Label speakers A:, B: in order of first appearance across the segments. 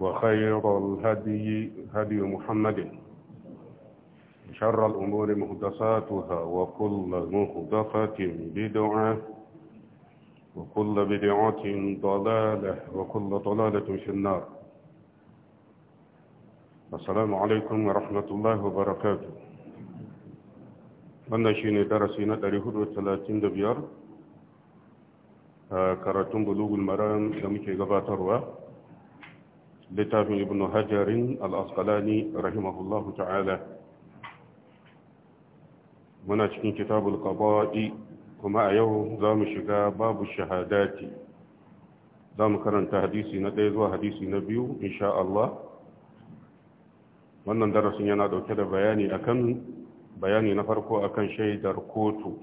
A: وخير الهدي هدي محمد شر الأمور مهدساتها وكل مهدفة بدعة وكل بدعة ضلالة وكل ضلالة في النار السلام عليكم ورحمة الله وبركاته wannan shine darasi na 435 karatun bulugul maram da muke gabatarwa littafin ibn hajarin al'askalani rahimahullahu ta'ala muna cikin kitabul qaba'i kuma a yau za mu shiga babu shahadati za mu karanta hadisi na ɗaya zuwa hadisi na biyu insha wannan darasin yana ɗauke da bayani akan bayani na farko akan shaidar kotu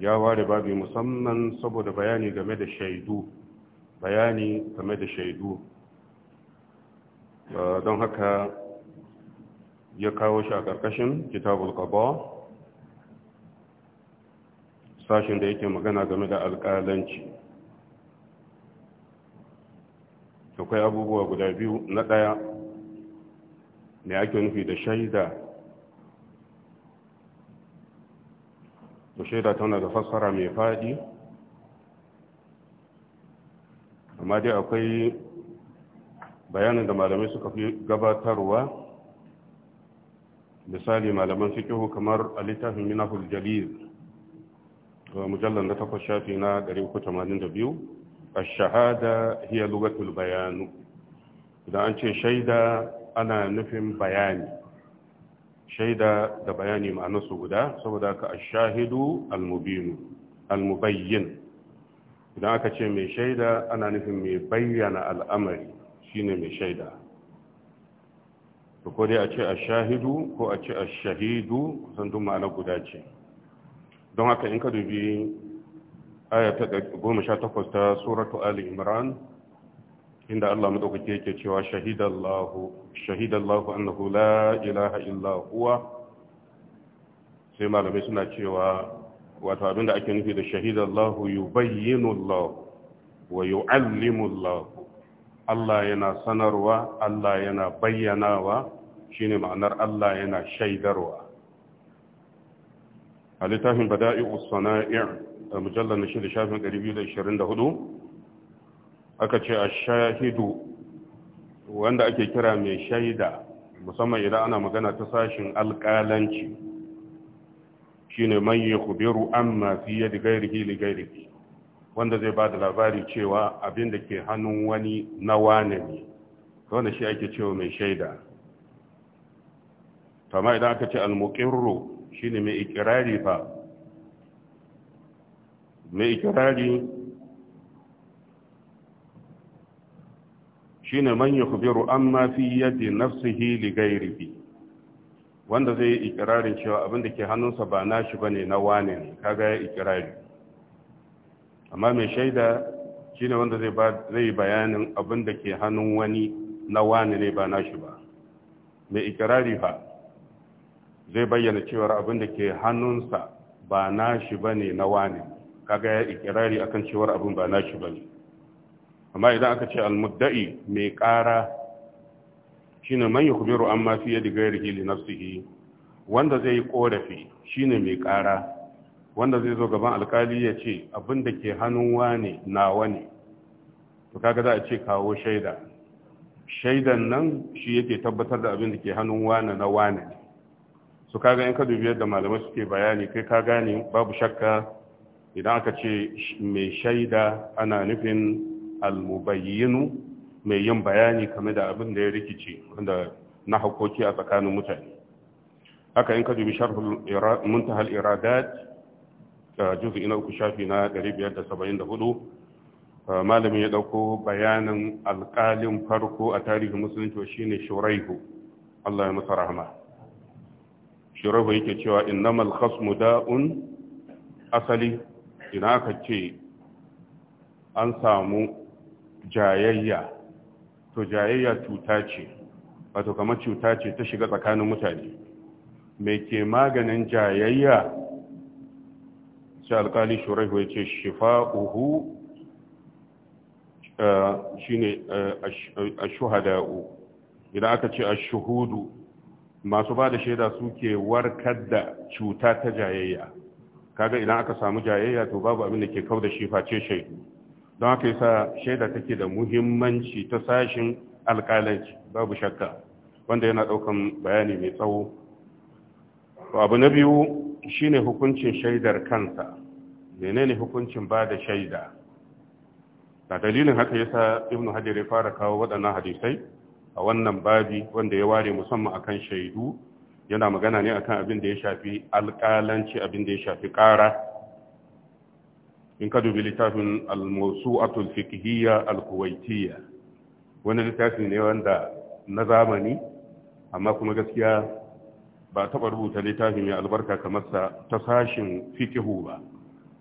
A: ya ware babi musamman saboda bayani game da shaidu bayani game da shaidu uh, don haka ya kawo shi a ƙarƙashin kitabul qada sashin da yake magana game da alƙalanci akwai abubuwa guda biyu na ɗaya me ake nufi da shaida ku shaida tana da fassara mai faɗi amma dai akwai bayanin da malamai suka fi gabatarwa misali malaman fikihu kamar a littafin minahul jalil wa mujallar na takwas shafi na 382 a shahada hiya lugatul bayanu idan an ce shaida ana nufin bayani shaida da bayani ma'anarsu guda saboda ka ashahidu almubinu almubayyin idan aka ce mai shaida ana nufin mai bayyana al'amari shine mai shaida ko dai a ce ashahidu ko a ce ashahidu kusan duk ma'ana guda ce don haka in ka dubi aya ta 18 ta suratu ali imran inda Allah madaukake yake cewa shahidallahu shahidallahu annahu la ilaha illa huwa sai malamai suna cewa wato abinda ake nufi da shahidallahu yubayyinu Allah wa yu'allimu Allah Allah yana sanarwa Allah yana bayyanawa shine ma'anar Allah yana shaidarwa a littafin bada'i'us sana'i' mujallal na shida shafin 224 aka ce a shahidu wanda ake kira mai shaida musamman idan ana magana ta sashin alƙalanci shine man ya kubiru amma mafi yadda gairihi li gairihi wanda zai ba da labari cewa abinda ke hannun wani na wane ne wanda shi ake cewa mai shaida kama idan aka ce shi ne mai ikirari fa mai ikirari shine man yukhbiru amma fi yadi nafsihi li ghairihi wanda zai ikirarin cewa abin da ke hannunsa ba nashi bane na wane ne kaga ya ikirari amma mai shaida shine wanda zai zai bayanin abin da ke hannun wani na wane ne ba nashi ba mai ikirari fa zai bayyana cewa abin da ke hannunsa ba nashi bane na wane kaga ya ikirari akan cewa abin ba nashi bane amma idan aka ce almudda'i mai ƙara shine man yukhbiru amma fi yadi hili li nafsihi wanda zai yi korafi shine mai ƙara wanda zai zo gaban alkali ya ce abin ke hannun ne nawa ne to kaga za a ce kawo shaida shaidan nan shi yake tabbatar da abin da ke hannun wane na wane su kaga in ka dubi yadda malamai suke bayani kai ka gane babu shakka idan aka ce mai shaida ana nufin almubayyinu mai yin bayani game da abin da ya rikice wanda na hakoki a tsakanin mutane haka in ka dubi sharhul muntahal iradat juz'i na uku shafi na 574 malamin ya dauko bayanin alƙalin farko a tarihin musulunci shine shuraihu Allah ya masa rahama shuraihu yake cewa innamal khasmu da'un asali Ina aka ce an samu jayayya to jayayya cuta ce wato kamar cuta ce ta shiga tsakanin mutane mai ke maganin jayayya sai alkali shuraihu ya ce shifa'uhu eh, shi ne eh, a eh, shuhada'u idan aka ce a shuhudu masu ba da shaida suke warkar da cuta ta jayayya kaga idan aka samu jayayya to babu abin da ke kau da shi face shaidu don haka yasa shaida take da muhimmanci ta sashin alƙalanci babu shakka wanda yana daukan bayani mai tsawo abu na biyu shine hukuncin shaidar kansa menene hukuncin ba da shaida da dalilin haka yasa ibn hajar ya fara kawo waɗannan hadisai a wannan babi wanda ya ware musamman akan shaidu yana magana ne akan abin da ya shafi alƙalanci abin da ya shafi ƙara in ka dubi littafin almosu Atul fiqhiyya al wani littafi ne wanda na zamani amma kuma gaskiya ba taɓa rubuta littafi mai albarka kamar sa ta sashin fikihu ba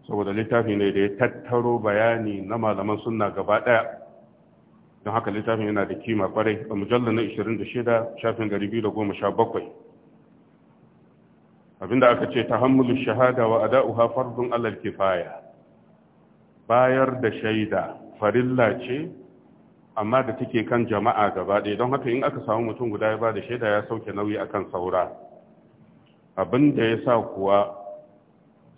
A: saboda littafi ne da ya tattaro bayani na malaman sunna gaba ɗaya don haka littafin yana da kima kwarai a mujallar na 26 shafin 217 abinda aka ce ta hammulu shahada wa ada'uha fardun alal kifaya bayar da shaida farilla ce amma da take kan jama'a gaba ɗaya don haka in aka samu mutum guda ya ba da shaida ya sauke nauyi a kan saura abin da ya sa kuwa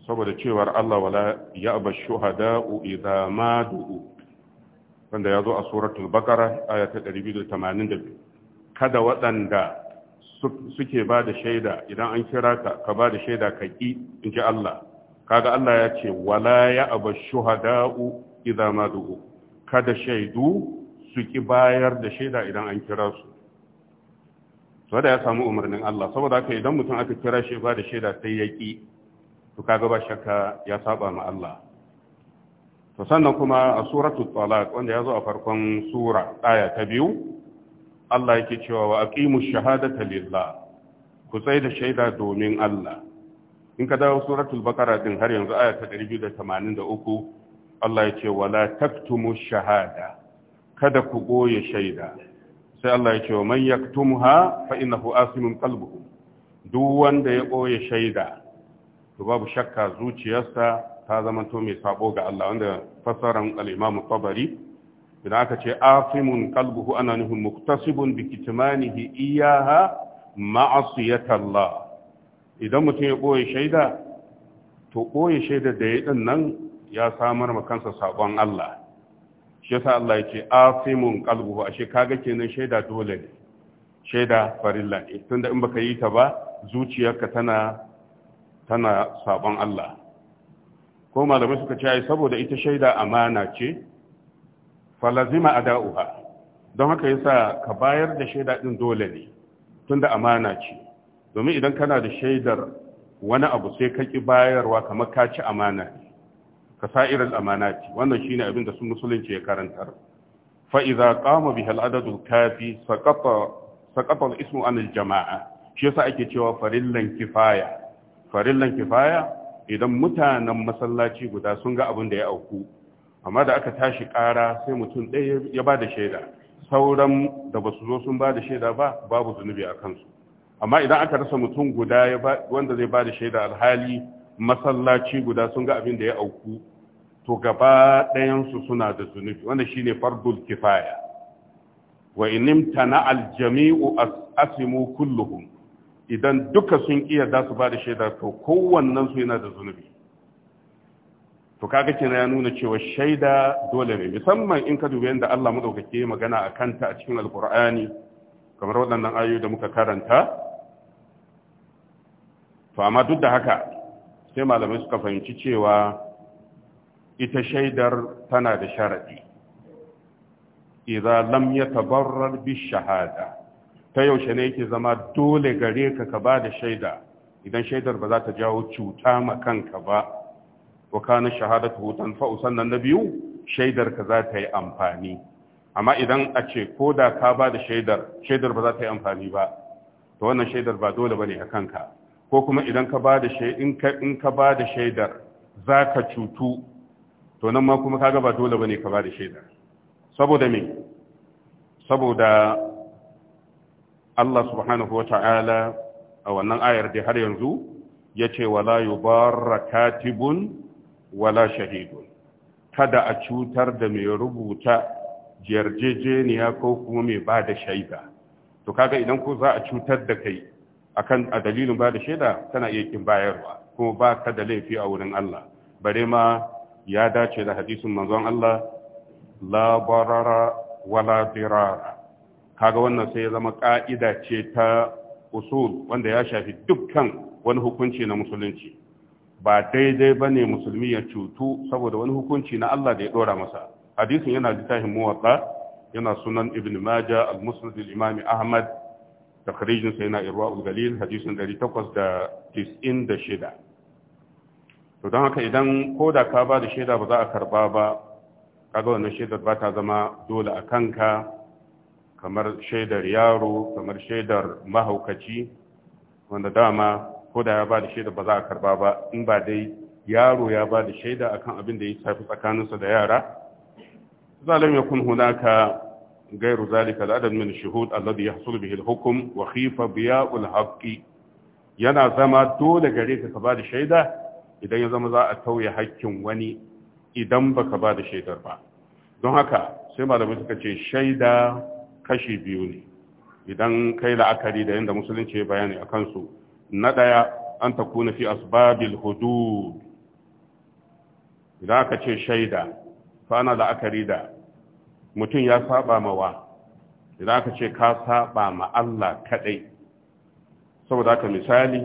A: saboda cewar Allah wala ya aba shuhada'u idza ma du'u wanda ya zo a suratul baqara aya ta 282 kada waɗanda suke ba da shaida idan an kira ka ka ba da shaida ka ƙi in ji Allah kaga Allah ya ce wala ya aba shuhada'u idza ma kada shaidu su ki bayar da shaida idan an kira su saboda ya samu umarnin Allah saboda haka idan mutum aka kira shi ba da shaida sai ya ki to kaga ba shakka ya saba ma Allah to sannan kuma a suratul talaq wanda ya zo a farkon sura aya ta biyu Allah yake cewa wa aqimu shahadata lillah ku tsai da shaida domin Allah in ka dawo suratul bakara din har yanzu aya ta 283 Allah ya ce wala taktumu shahada kada ku goye shaida sai Allah ya ce wa man yaktumha fa innahu asimun qalbuhu duk wanda ya goye shaida to babu shakka zuciyarsa ta zama to mai sabo ga Allah wanda fassaran al-Imam Tabari idan aka ce asimun qalbuhu ana nufin muktasibun bi kitmanihi iyaha ma'asiyatallah idan mutum ya ɓoye shaida to ɓoye shaida da ya ɗin nan ya samar ma kansa sabon Allah shi yasa Allah ya ce a fi asimun a ashe kaga kenan shaida dole ne shaida farilla ne tunda in baka yi ta ba zuciyarka tana tana sabon Allah ko malamai suka ce ai saboda ita shaida amana ce falazima ada'uha don haka yasa ka bayar da shaida ɗin dole ne tunda amana ce domin idan kana da shaidar wani abu sai ka ki bayarwa kamar ka ci amana ka sa'irar amanati wannan shine abin da sun musulunci ya karantar Fa'iza idza qama adadu kafi saqata saqata ismu an jamaa shi yasa ake cewa farillan kifaya farillan kifaya idan mutanen masallaci guda sun ga abin da ya auku amma da aka tashi ƙara sai mutum ɗaya ya ba da shaida sauran da ba su zo sun ba da shaida ba babu zunubi a kansu amma idan aka rasa mutum guda wanda zai ba da shaida alhali masallaci guda sun ga abin da ya auku to gaba ɗayansu suna da zunubi wanda shine fardul kifaya wa inim tana aljami'u asimu kulluhum idan duka sun iya da su ba da shaida to kowannen su yana da zunubi to kaga kenan ya nuna cewa shaida dole ne musamman in ka dubi yadda Allah madaukake magana a kanta a cikin alqur'ani kamar waɗannan ayoyi da muka karanta fa amma duk da haka sai malamai suka fahimci cewa ita shaidar tana da sharaɗi. idza lam yatabarrar bi shahada ta yaushe ne yake zama dole gare ka ka ba da shaida idan shaidar ba za ta jawo cuta ma kanka ba wa kana shahadatu fa'u sannan na biyu shaidar ka za ta yi amfani amma idan a ce ko da ka ba da shaidar shaidar ba za ta yi amfani ba to wannan shaidar ba dole bane a kanka ko kuma idan ka ba da shaidar za ka cutu to nan ma kuma kaga ba dole ba ne ka ba da shaidar saboda me saboda Allah subhanahu wa ta'ala a wannan ayar da har yanzu ya ce wala yubarra katibun wala shahidun kada a cutar da mai rubuta jiyarjejeniya ko kuma mai ba da shaida to kaga idan ku za a cutar da kai akan a dalilin ba da shaida tana iya kin bayarwa kuma ba ka da laifi a wurin Allah bare ma ya dace da hadisin manzon Allah la barara wala dirara kaga wannan sai ya zama ka'ida ce ta usul wanda ya shafi dukkan wani hukunci na musulunci ba daidai ba ne musulmi ya cutu saboda wani hukunci na Allah da ya dora masa hadisin yana littafin muwatta yana sunan ibn maja al-musnad al-imam ahmad تخريج sa إرواء irwaul حديث الذي تقص دا don haka idan ko da ka كابا دا shaida ba za a أن ba باتا زما shaidar ba zama a kanka kamar shaidar yaro kamar shaidar mahaukaci wanda dama ko da ya ba da shaida ba za a karba ba in ba dai yaro ya ba da shaida akan abin da ya tafi tsakaninsa da yara zalim kun hunaka غير ذلك العدد من الشهود الذي يحصل به الحكم وخيف بياء الحق yana zama dole gare ka ka ba da shaida idan ya zama za a tauye hakkin wani idan baka ba da shaidar ba don haka sai malamai suka ce shaida kashi biyu ne idan kai la'akari da yadda musulunci ya bayani a kansu na ɗaya an ta kuna fi asbabil hudu. idan aka ce shaida fa ana la'akari da mutum ya saba mawa idan aka ce ka saba ma Allah kadai saboda haka misali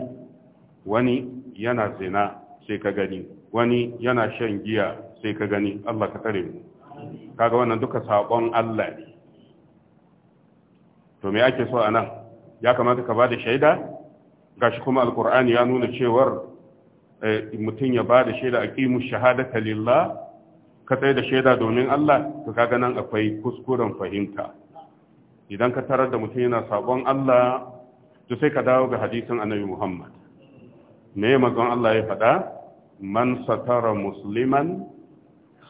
A: wani yana zina sai ka gani wani yana shan giya sai ka gani Allah ka tare mu kaga wannan duka sabon Allah ne to me ake so anan ya kamata ka bada shaida gashi kuma alqur'ani ya nuna cewar eh, mutum ya bada shaida aqimu shahadata lillah ka tsaye da shaida domin Allah to kaga nan akwai kuskuren fahimta idan ka tarar da mutum yana sabon Allah to sai ka dawo ga hadisin Annabi Muhammad me manzon Allah ya faɗa man satara musliman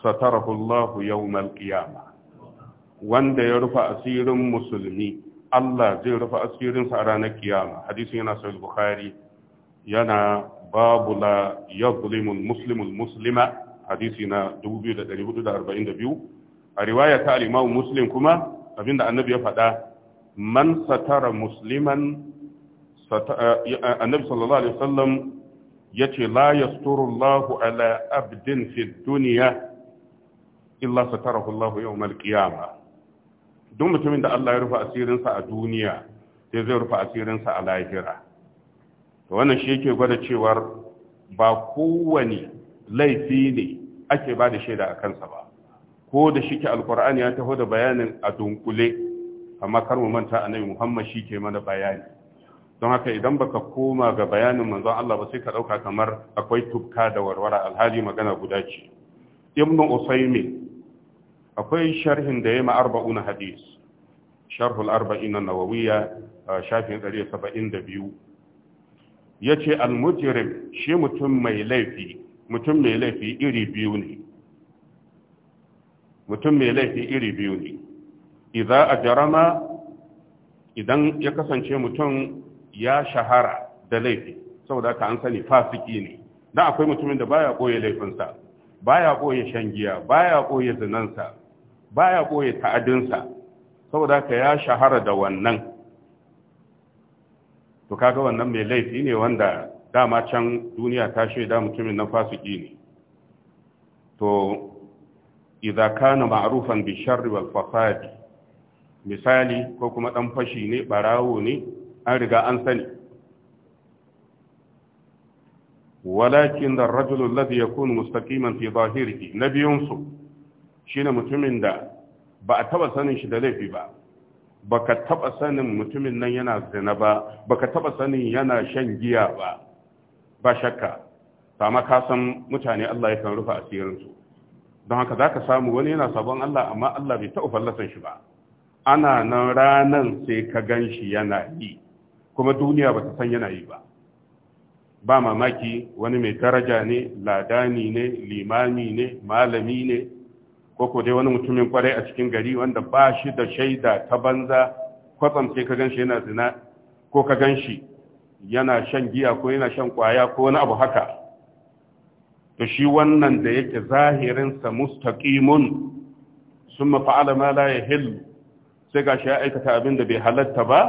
A: satarahu Allah yawmal qiyamah wanda ya rufa asirin musulmi Allah zai rufa asirinsa a ranar kiyama hadisin yana sahih Bukhari yana babu la yadhlimu al-muslimu al-muslima hadisi na 2442 a riwaya ta al Muslim kuma abinda annabi ya faɗa man satara musliman eh, annabi sallallahu alaihi wasallam yace la yasturu Allahu ala abdin fi dunya illa satarahu Allahu yau al-qiyamah duk mutumin da Allah ya rufe asirinsa a duniya sai zai rufe asirinsa a lahira to wannan shi yake gwada cewar ba kowane laifi ne ake ba da shaida a kansa ba ko da shike alkur'ani ya taho da bayanin a dunkule amma kar mu manta annabi Muhammad ke mana bayani don haka idan baka koma ga bayanin manzon Allah ba sai ka dauka kamar akwai tubka da warwara alhali magana guda ce ibnu usaymi akwai sharhin da yayi ma hadis sharh al-arba'in an-nawawiyya shafin 172 yace al-mujrim shi mutum mai laifi mutum mai laifi iri biyu ne mutum mai laifi iri biyu ne idan a jarama idan ya kasance mutum ya shahara da laifi saboda ka an sani fasiki ne dan akwai mutumin da baya koye laifinsa baya koye shangiya, baya koye zinansa baya koye ta'adinsa saboda ka ya shahara da wannan to kaga wannan mai laifi ne wanda dama can duniya ta shaida mutumin na fasiki ne to idza kana ma'rufan bi sharri wal fasad misali ko kuma dan fashi ne barawo ne an riga an sani walakin da rajul alladhi yakunu mustaqiman fi zahirihi nabiyun su shine mutumin da ba a taba sanin shi da laifi ba baka taba sanin mutumin nan yana zina ba baka taba sanin yana shan giya ba ba shakka sama ka san mutane Allah yakan rufe asirinsu don haka za ka samu wani yana sabon Allah amma Allah bai taɓa fallasan shi ba ana nan ranan sai ka gan shi yana yi kuma duniya ba ta san yana yi ba ba mamaki wani mai daraja ne ladani ne limami ne malami ne ko ko dai wani mutumin kwarai a cikin gari wanda ba shi da shaida ta banza kwatsam sai ka gan yana zina ko ka gan shi yana shan giya ko yana shan kwaya ko wani abu haka to shi wannan da yake zahirinsa mustaqimun summa fa'ala ma la yahillu sai shi ya aikata abin da bai halatta ba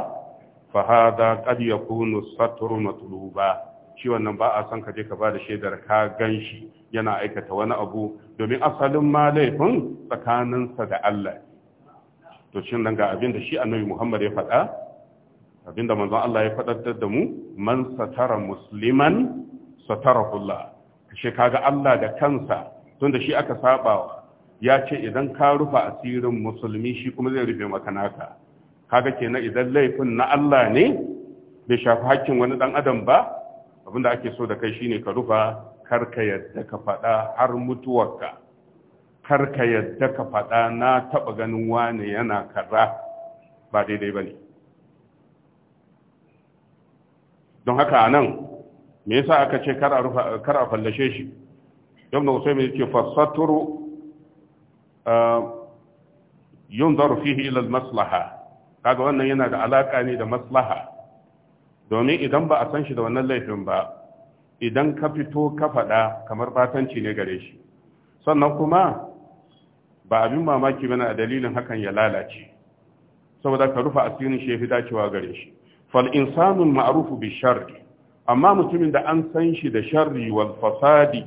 A: fa hada qad yakunu satru matluba shi wannan ba a san ka je ka ba da shaidar ka ganshi yana aikata wani abu domin asalin ma laifin tsakaninsa da Allah to shin dan ga abin da shi annabi Muhammad ya faɗa abinda manzon Allah ya fadar da mu man satara musliman Allah kashe kaga Allah da kansa tunda shi aka sabawa ya ce idan ka rufa asirin musulmi shi kuma zai rufe maka naka kaga kenan idan laifin na Allah ne bai shafi hakkin wani dan adam ba abinda ake so da kai shine ka rufa karka yadda ka faɗa har mutuwarka karka yadda ka faɗa na taɓa ganin wane yana kaza ba daidai bane don haka nan, me yasa aka ce kar a fallashe shi ibn usaymin yake fasaturu yunzaru fihi ila maslaha kaga wannan yana da alaka ne da maslaha domin idan ba a san shi da wannan laifin ba idan ka fito ka faɗa kamar batanci ne gare shi sannan kuma ba abin mamaki bane a dalilin hakan ya lalace saboda ka rufa asirin shi ya fi dacewa gare shi fal insanul ma'rufu bi sharri amma mutumin da an san shi da sharri wal fasadi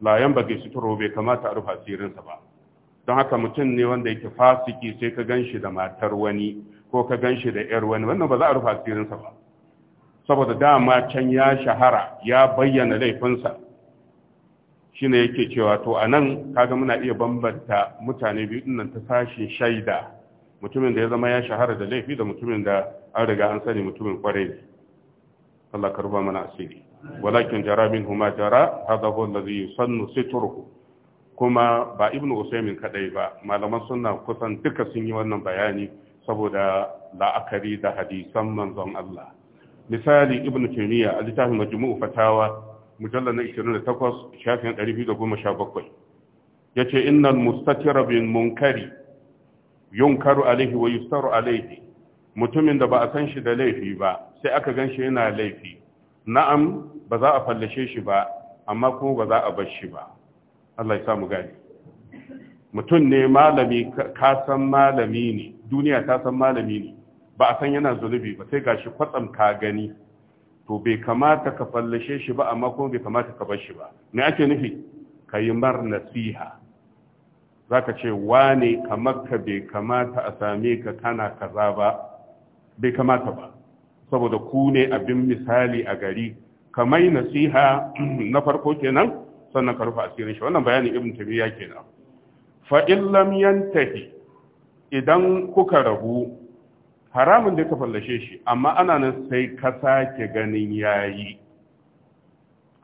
A: la yanbaghi suturu bai kamata a rufa sirinsa ba don haka mutum ne wanda yake fasiki sai ka gan shi da matar wani ko ka gan shi da yar wani wannan ba za a rufa sirinsa ba saboda dama can ya shahara ya bayyana laifinsa shine yake cewa to anan kaga muna iya bambanta mutane biyu dinnan ta sashin shaida mutumin da ya zama ya shahara da laifi da mutumin da an riga an sani mutumin kware ne Allah ka ruba mana asiri walakin jara min huma jara hada huwa allazi yusannu sitruhu kuma ba ibnu usaymin kadai ba malaman sunna kusan duka sun yi wannan bayani saboda la'akari da hadisan manzon Allah misali ibnu taymiya a littafin majmu'u fatawa mujallar na 28 shafin 217 yace innal mustatir bin munkari yunkaru alaihi wa yustaru alaihi mutumin da ba a san shi da laifi ba sai aka gan shi yana laifi na'am ba za a fallashe shi ba amma kuma ba za a bar shi ba Allah ya samu gani mutum ne malami ka san malami ne duniya ta san malami ne ba a san yana zunubi ba sai gashi kwatsam ka gani to bai kamata ka fallashe shi ba amma kuma bai kamata ka bar shi ba me ake nufi ka yi mar nasiha zaka ce wane kamar ka bai kamata a same ka kana kaza ba bai kamata ba saboda ku ne abin misali a gari kamai nasiha na farko kenan sannan ka rufe asirin shi wannan bayanin ibn tabiya kenan fa in lam yantahi idan kuka rabu haramun da ka fallashe shi amma ana nan sai ka sake ganin yayi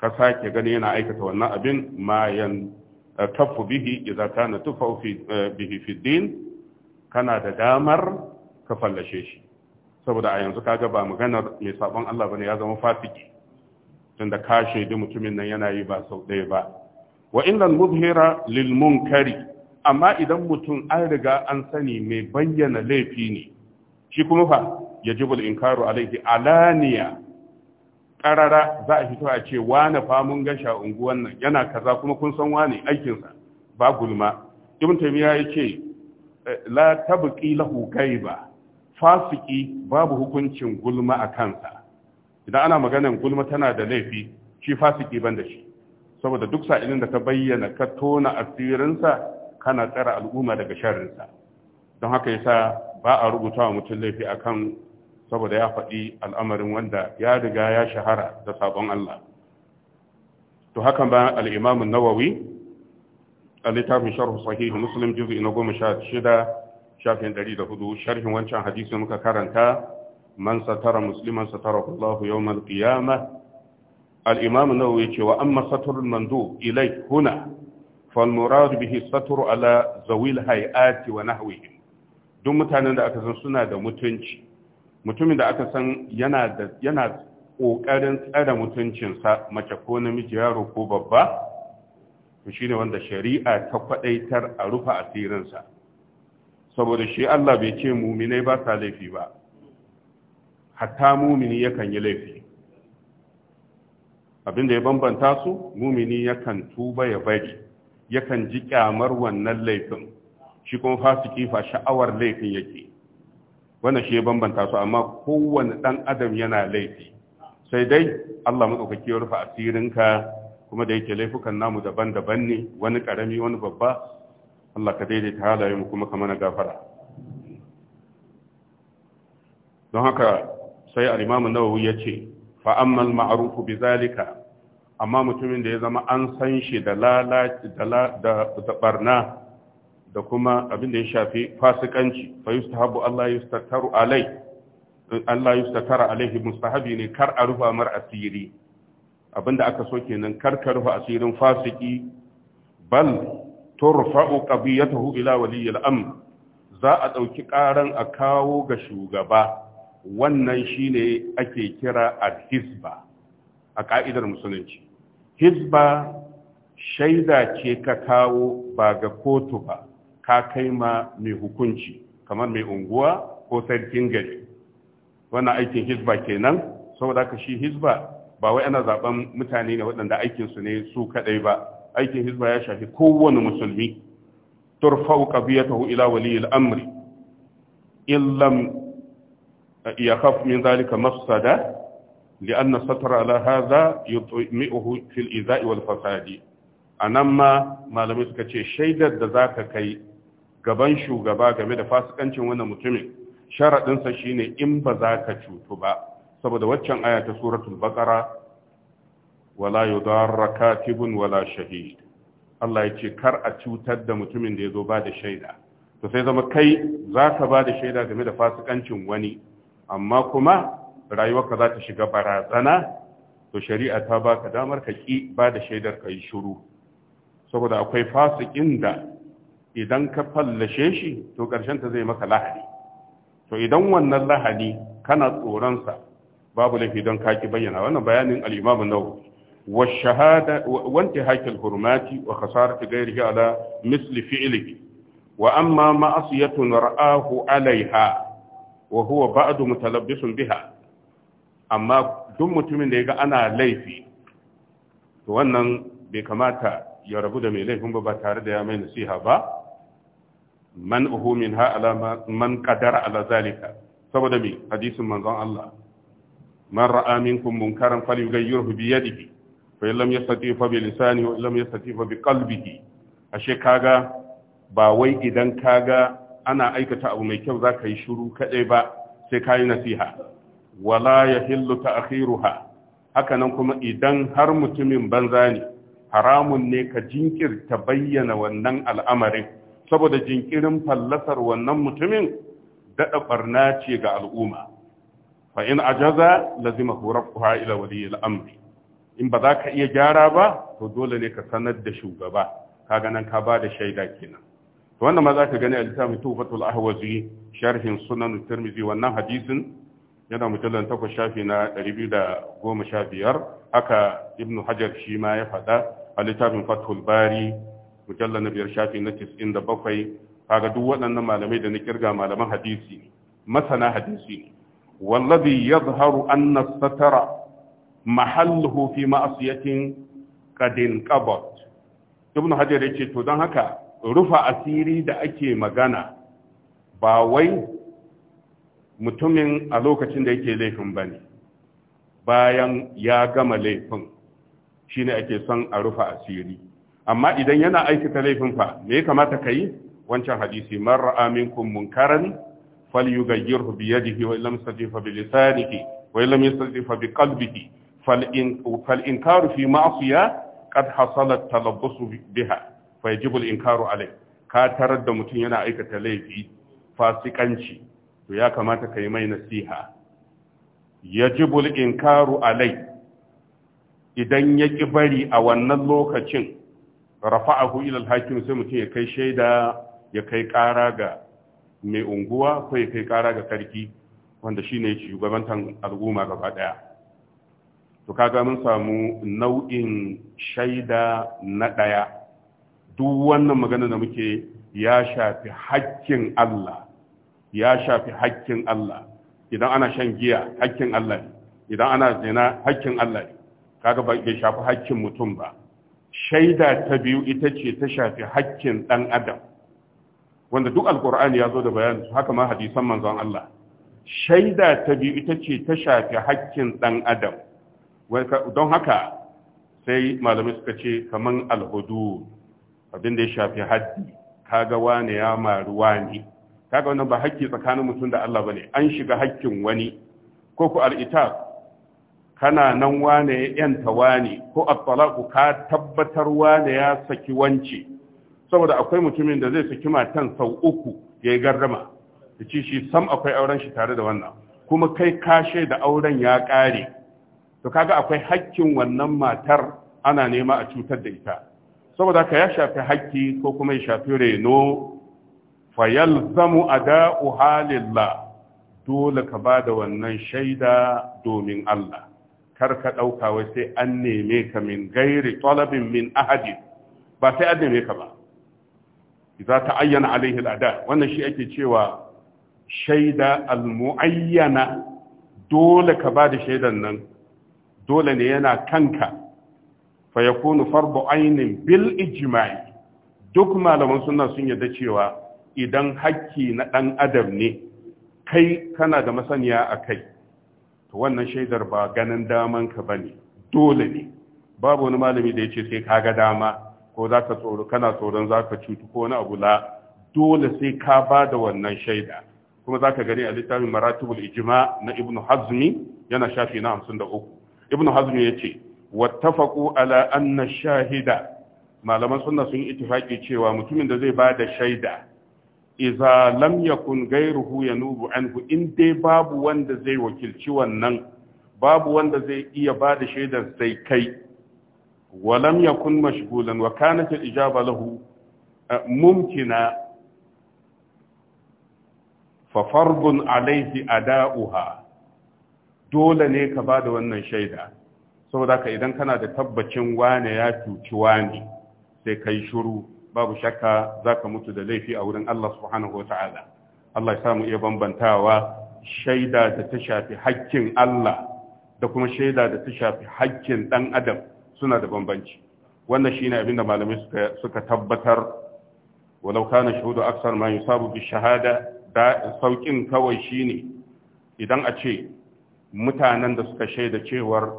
A: ka sake ganin yana aikata wannan abin ma yan eh, tafu bihi idza kana tufa eh, bihi fi din kana da damar ka fallashe shi saboda a yanzu kaga ba maganar mai sabon Allah bane ya zama fasiki tunda ka shaidi mutumin nan yana yi ba sau ɗaya ba wa illal mubhira lil munkari amma idan mutum an riga an sani mai bayyana laifi ne shi kuma fa yajibul inkaru alaihi alaniya karara za a fito a ce wani fa mun ga sha unguwan nan yana kaza kuma kun san wane aikinsa ba gulma ibn taymiya yace la tabqi lahu gaiba fasiki babu hukuncin gulma a kansa idan ana maganar gulma tana da laifi shi fasiki ban da shi saboda duk sa'ilin da ka bayyana ka tona asirinsa kana tsara al'umma daga sharrinsa don haka yasa ba a rubuta wa mutum laifi a kan saboda ya faɗi al'amarin wanda ya riga ya shahara da sabon Allah to haka ba al'imamun nawawi a littafin sharhu sahihu Muslim jirgin na shida. shafin hudu, sharhin wancan hadisi muka karanta man satara musliman satarahu Allah yawmal qiyamah al-imam an-nawawi yace wa amma satrul mandub ilay huna fal murad bihi satru ala zawil hay'ati wa nahwihim duk mutanen da aka san da mutumin da aka san yana da yana kokarin tsare mutuncinsa mace ko namiji yaro ko babba to shine wanda shari'a ta kwadaitar a rufe asirinsa saboda shi Allah bai ce muminai ba sa laifi ba hatta mumini yakan yi laifi abinda ya bambanta su mumini yakan tuba ya bari yakan ji kyamar wannan laifin shi kuma fasiki fa sha'awar laifin yake wannan shi ya bambanta su amma kowane dan adam yana laifi sai dai Allah maɗaukaki ya rufe asirinka kuma da yake laifukan namu daban-daban ne wani karami wani babba Allah ka daidaita halayen mu kuma ka mana gafara don haka sai al-Imam Nawawi ce, fa ammal ma'rufu bi zalika amma mutumin da ya zama an san shi da lalaci da barna da kuma abin da ya shafi fasikanci fa yustahabu Allah yustataru alai Allah yustatara alaihi mustahabi ne kar a rufa mar asiri abinda aka so kenan kar ka rufa asirin fasiki bal turfa'u qadiyatuhu ila Wali al-amr za a dauki karan a kawo ga shugaba wannan shine ake kira al-hizba a ka'idar musulunci hizba shaida ce ka kawo ba ga kotu ba ka kai ma mai hukunci kamar mai unguwa ko sarkin gari wannan aikin hizba kenan saboda ka shi hizba ba wai ana zaben mutane ne waɗanda aikinsu ne su kaɗai ba aikin hisba ya shafi kowane musulmi turfa'u qadiyatahu ila wali al-amri illam yakhaf min dhalika mafsada لأن السطر على هذا يطمئه في الإذاء والفساد أنما ما لم يسكتش شيدا ذاك كي gaban shugaba game da fasikancin wannan mutumin sharaɗinsa shine in ba za ka cutu ba saboda waccan aya ta suratul baqara wala yudarra katibun wala shahid Allah ya ce kar a cutar da mutumin da ya zo ba da shaida to sai zama kai za ka ba da shaida game da fasikancin wani amma kuma rayuwarka za ta shiga barazana to shari'a ta baka damar ka ƙi, ba da shaidar ka yi shiru saboda akwai fasikin da idan ka fallashe shi to ƙarshen ta zai maka lahani to idan wannan lahani kana tsoronsa babu laifi don kaki bayyana wannan bayanin al-imamu والشهادة وانتهاك الحرمات وخسارة غيره على مثل فعله وأما معصية رآه عليها وهو بعد متلبس بها أما دم متمن ليغا أنا ليفي wannan bai kamata ya rabu da mai laifin ba tare da ya mai nasiha ba man uhu min ha ala man qadara ala zalika saboda mai hadisin manzon Allah man ra'a minkum munkaran falyughayyirhu bi fa lam yastati fa bi lisani wa lam yastati fa bi qalbihi ashe kaga ba wai idan kaga ana aikata abu mai kyau zaka yi shiru kadai ba sai ka yi nasiha wala yahillu ta'khiruha haka nan kuma idan har mutumin banza ne haramun ne ka jinkirta bayyana wannan al'amarin saboda jinkirin fallasar wannan mutumin daɗa ɓarna ce ga al'umma fa in ajaza lazima hurafuha ila wali al'amri in ba za ka iya gyara ba to dole ne ka sanar da shugaba ga nan ka ba da shaida kenan to wannan ma za ka gani a littafin tufatul ahwazi sharhin sunan tirmizi wannan hadisin yana mutallan takwas shafi na 215 haka ibnu hajar shi ma ya faɗa a littafin fathul bari mutallan na biyar shafi na 97 kaga duk waɗannan malamai da na kirga malaman hadisi masana hadisi ne wallazi yadhharu anna satara mahalluhu fi ma'asiyatin kadin qabat ibn hajar yace to don haka rufa asiri da ake magana ba wai mutumin a lokacin da yake laifin bane bayan ya gama laifin shine ake son a rufa asiri amma idan yana aikata laifin fa me ya kamata kai wancan hadisi man ra'a minkum munkaran falyughayyirhu bi yadihi wa lam yastati fa bi lisanihi wa lam yastati fa bi qalbihi فالإنكار في معصية قد حصل التلبس بها فيجب الإنكار عليه كاترد متينا أيكة ليفي فاسقنشي ويا كما تكيمين نسيها يجب الإنكار عليه idan ya ƙi bari a wannan lokacin rafa rafa'ahu ilal hakim sai mutum ya kai shaida ya kai ƙara ga mai unguwa ko ya kai ƙara ga sarki wanda shine shugabantan al'umma gaba ɗaya to kaga mun samu nau'in shaida na ɗaya duk wannan magana da muke ya shafi haƙƙin Allah ya shafi haƙƙin Allah idan ana shan giya haƙƙin Allah idan ana zina haƙƙin Allah kaga ba ya shafi haƙƙin mutum ba shaida ta biyu ita ce ta shafi haƙƙin ɗan adam wanda duk alkur'ani ya zo da bayani haka ma hadisan manzon Allah shaida ta biyu ita ce ta shafi hakkin ɗan adam don haka sai malamai suka ce kaman alhudu abin ya shafi haddi kaga wane ya maru wani kaga wannan ba hakki tsakanin mutum da Allah bane an shiga hakkin wani ko ku al'itaq kana nan wane ya yanta wani ko at-talaq ka tabbatar wane ya saki wance saboda akwai mutumin da zai saki matan sau uku yayi garrama ta ci shi sam akwai auren shi tare da wannan kuma kai kashe da auren ya ƙare. to kaga akwai hakkin wannan matar ana nema a cutar da ita saboda ka ya shafi hakki ko kuma ya shafi reno fayalzamu da'u halillah dole ka ba da wannan shaida domin Allah kar ka ɗauka wai sai an neme ka min gairi talabin min ahadi ba sai an neme ka ba ta ayyana alaihi al'ada wannan shi ake cewa shaida al-muayyana dole ka ba da shaidan nan dole ne yana kanka fa kunu fardu ainin bil ijima'i. duk malaman suna sun yarda cewa idan hakki na ɗan adam ne kai kana da masaniya a kai to wannan shaidar ba ganin daman ka bane dole ne babu wani malami da ya ce sai ga dama ko za ka tsoro kana tsoron za ka cutu ko wani abu la dole sai ka ba da wannan shaida kuma za ka gani a littafin maratubul ijma na ibnu hazmi yana shafi na hamsin da uku ibnu hazm ya ce wattafaqu ala anna shahida malaman sunna sun ittifaqi cewa mutumin da zai ba da shaida idza lam yakun ghayruhu yanubu anhu in dai babu wanda zai wakilci wannan babu wanda zai iya ba da shaidar sai kai wa lam yakun mashghulan wa kanat al-ijaba lahu eh, mumkina fa fardun alayhi ada'uha dole ne ka ba da wannan shaida saboda ka idan kana da tabbacin wane ya cuci wane sai kai shuru babu shakka za ka mutu da laifi a wurin Allah subhanahu wa Allah ya samu iya bambantawa shaida da ta shafi hakkin Allah da kuma shaida da ta shafi hakkin ɗan adam suna da bambanci wannan shine abin da malamai suka tabbatar walau kana shahudu aksar ma yusabu bi shahada da saukin kawai shine idan a ce mutanen da suka shaida cewar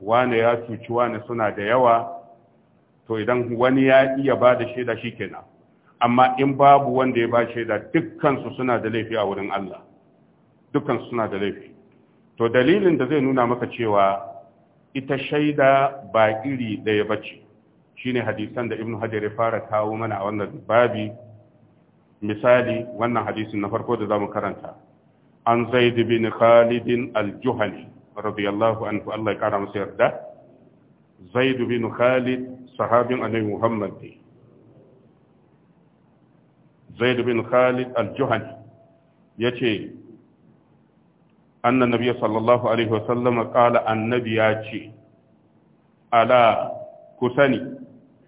A: wane ya cuci wane suna da yawa to idan wani ya iya ba da shaida shi kenan amma in babu wanda ya ba shaida dukkansu suna da laifi a wurin Allah dukkansu suna da laifi to dalilin da zai nuna maka cewa ita shaida ba iri ɗaya ba shine hadisan da ibnu hajar ya fara kawo mana a wannan babi misali wannan hadisin na farko da zamu karanta an zaid bin khalid al-juhani radiyallahu anhu Allah ya kara masa yarda zaid bin khalid sahabin annabi Muhammad ne zaid bin khalid al-juhani yace anna nabiyya sallallahu alaihi wasallam qala annabi ya ce ala kusani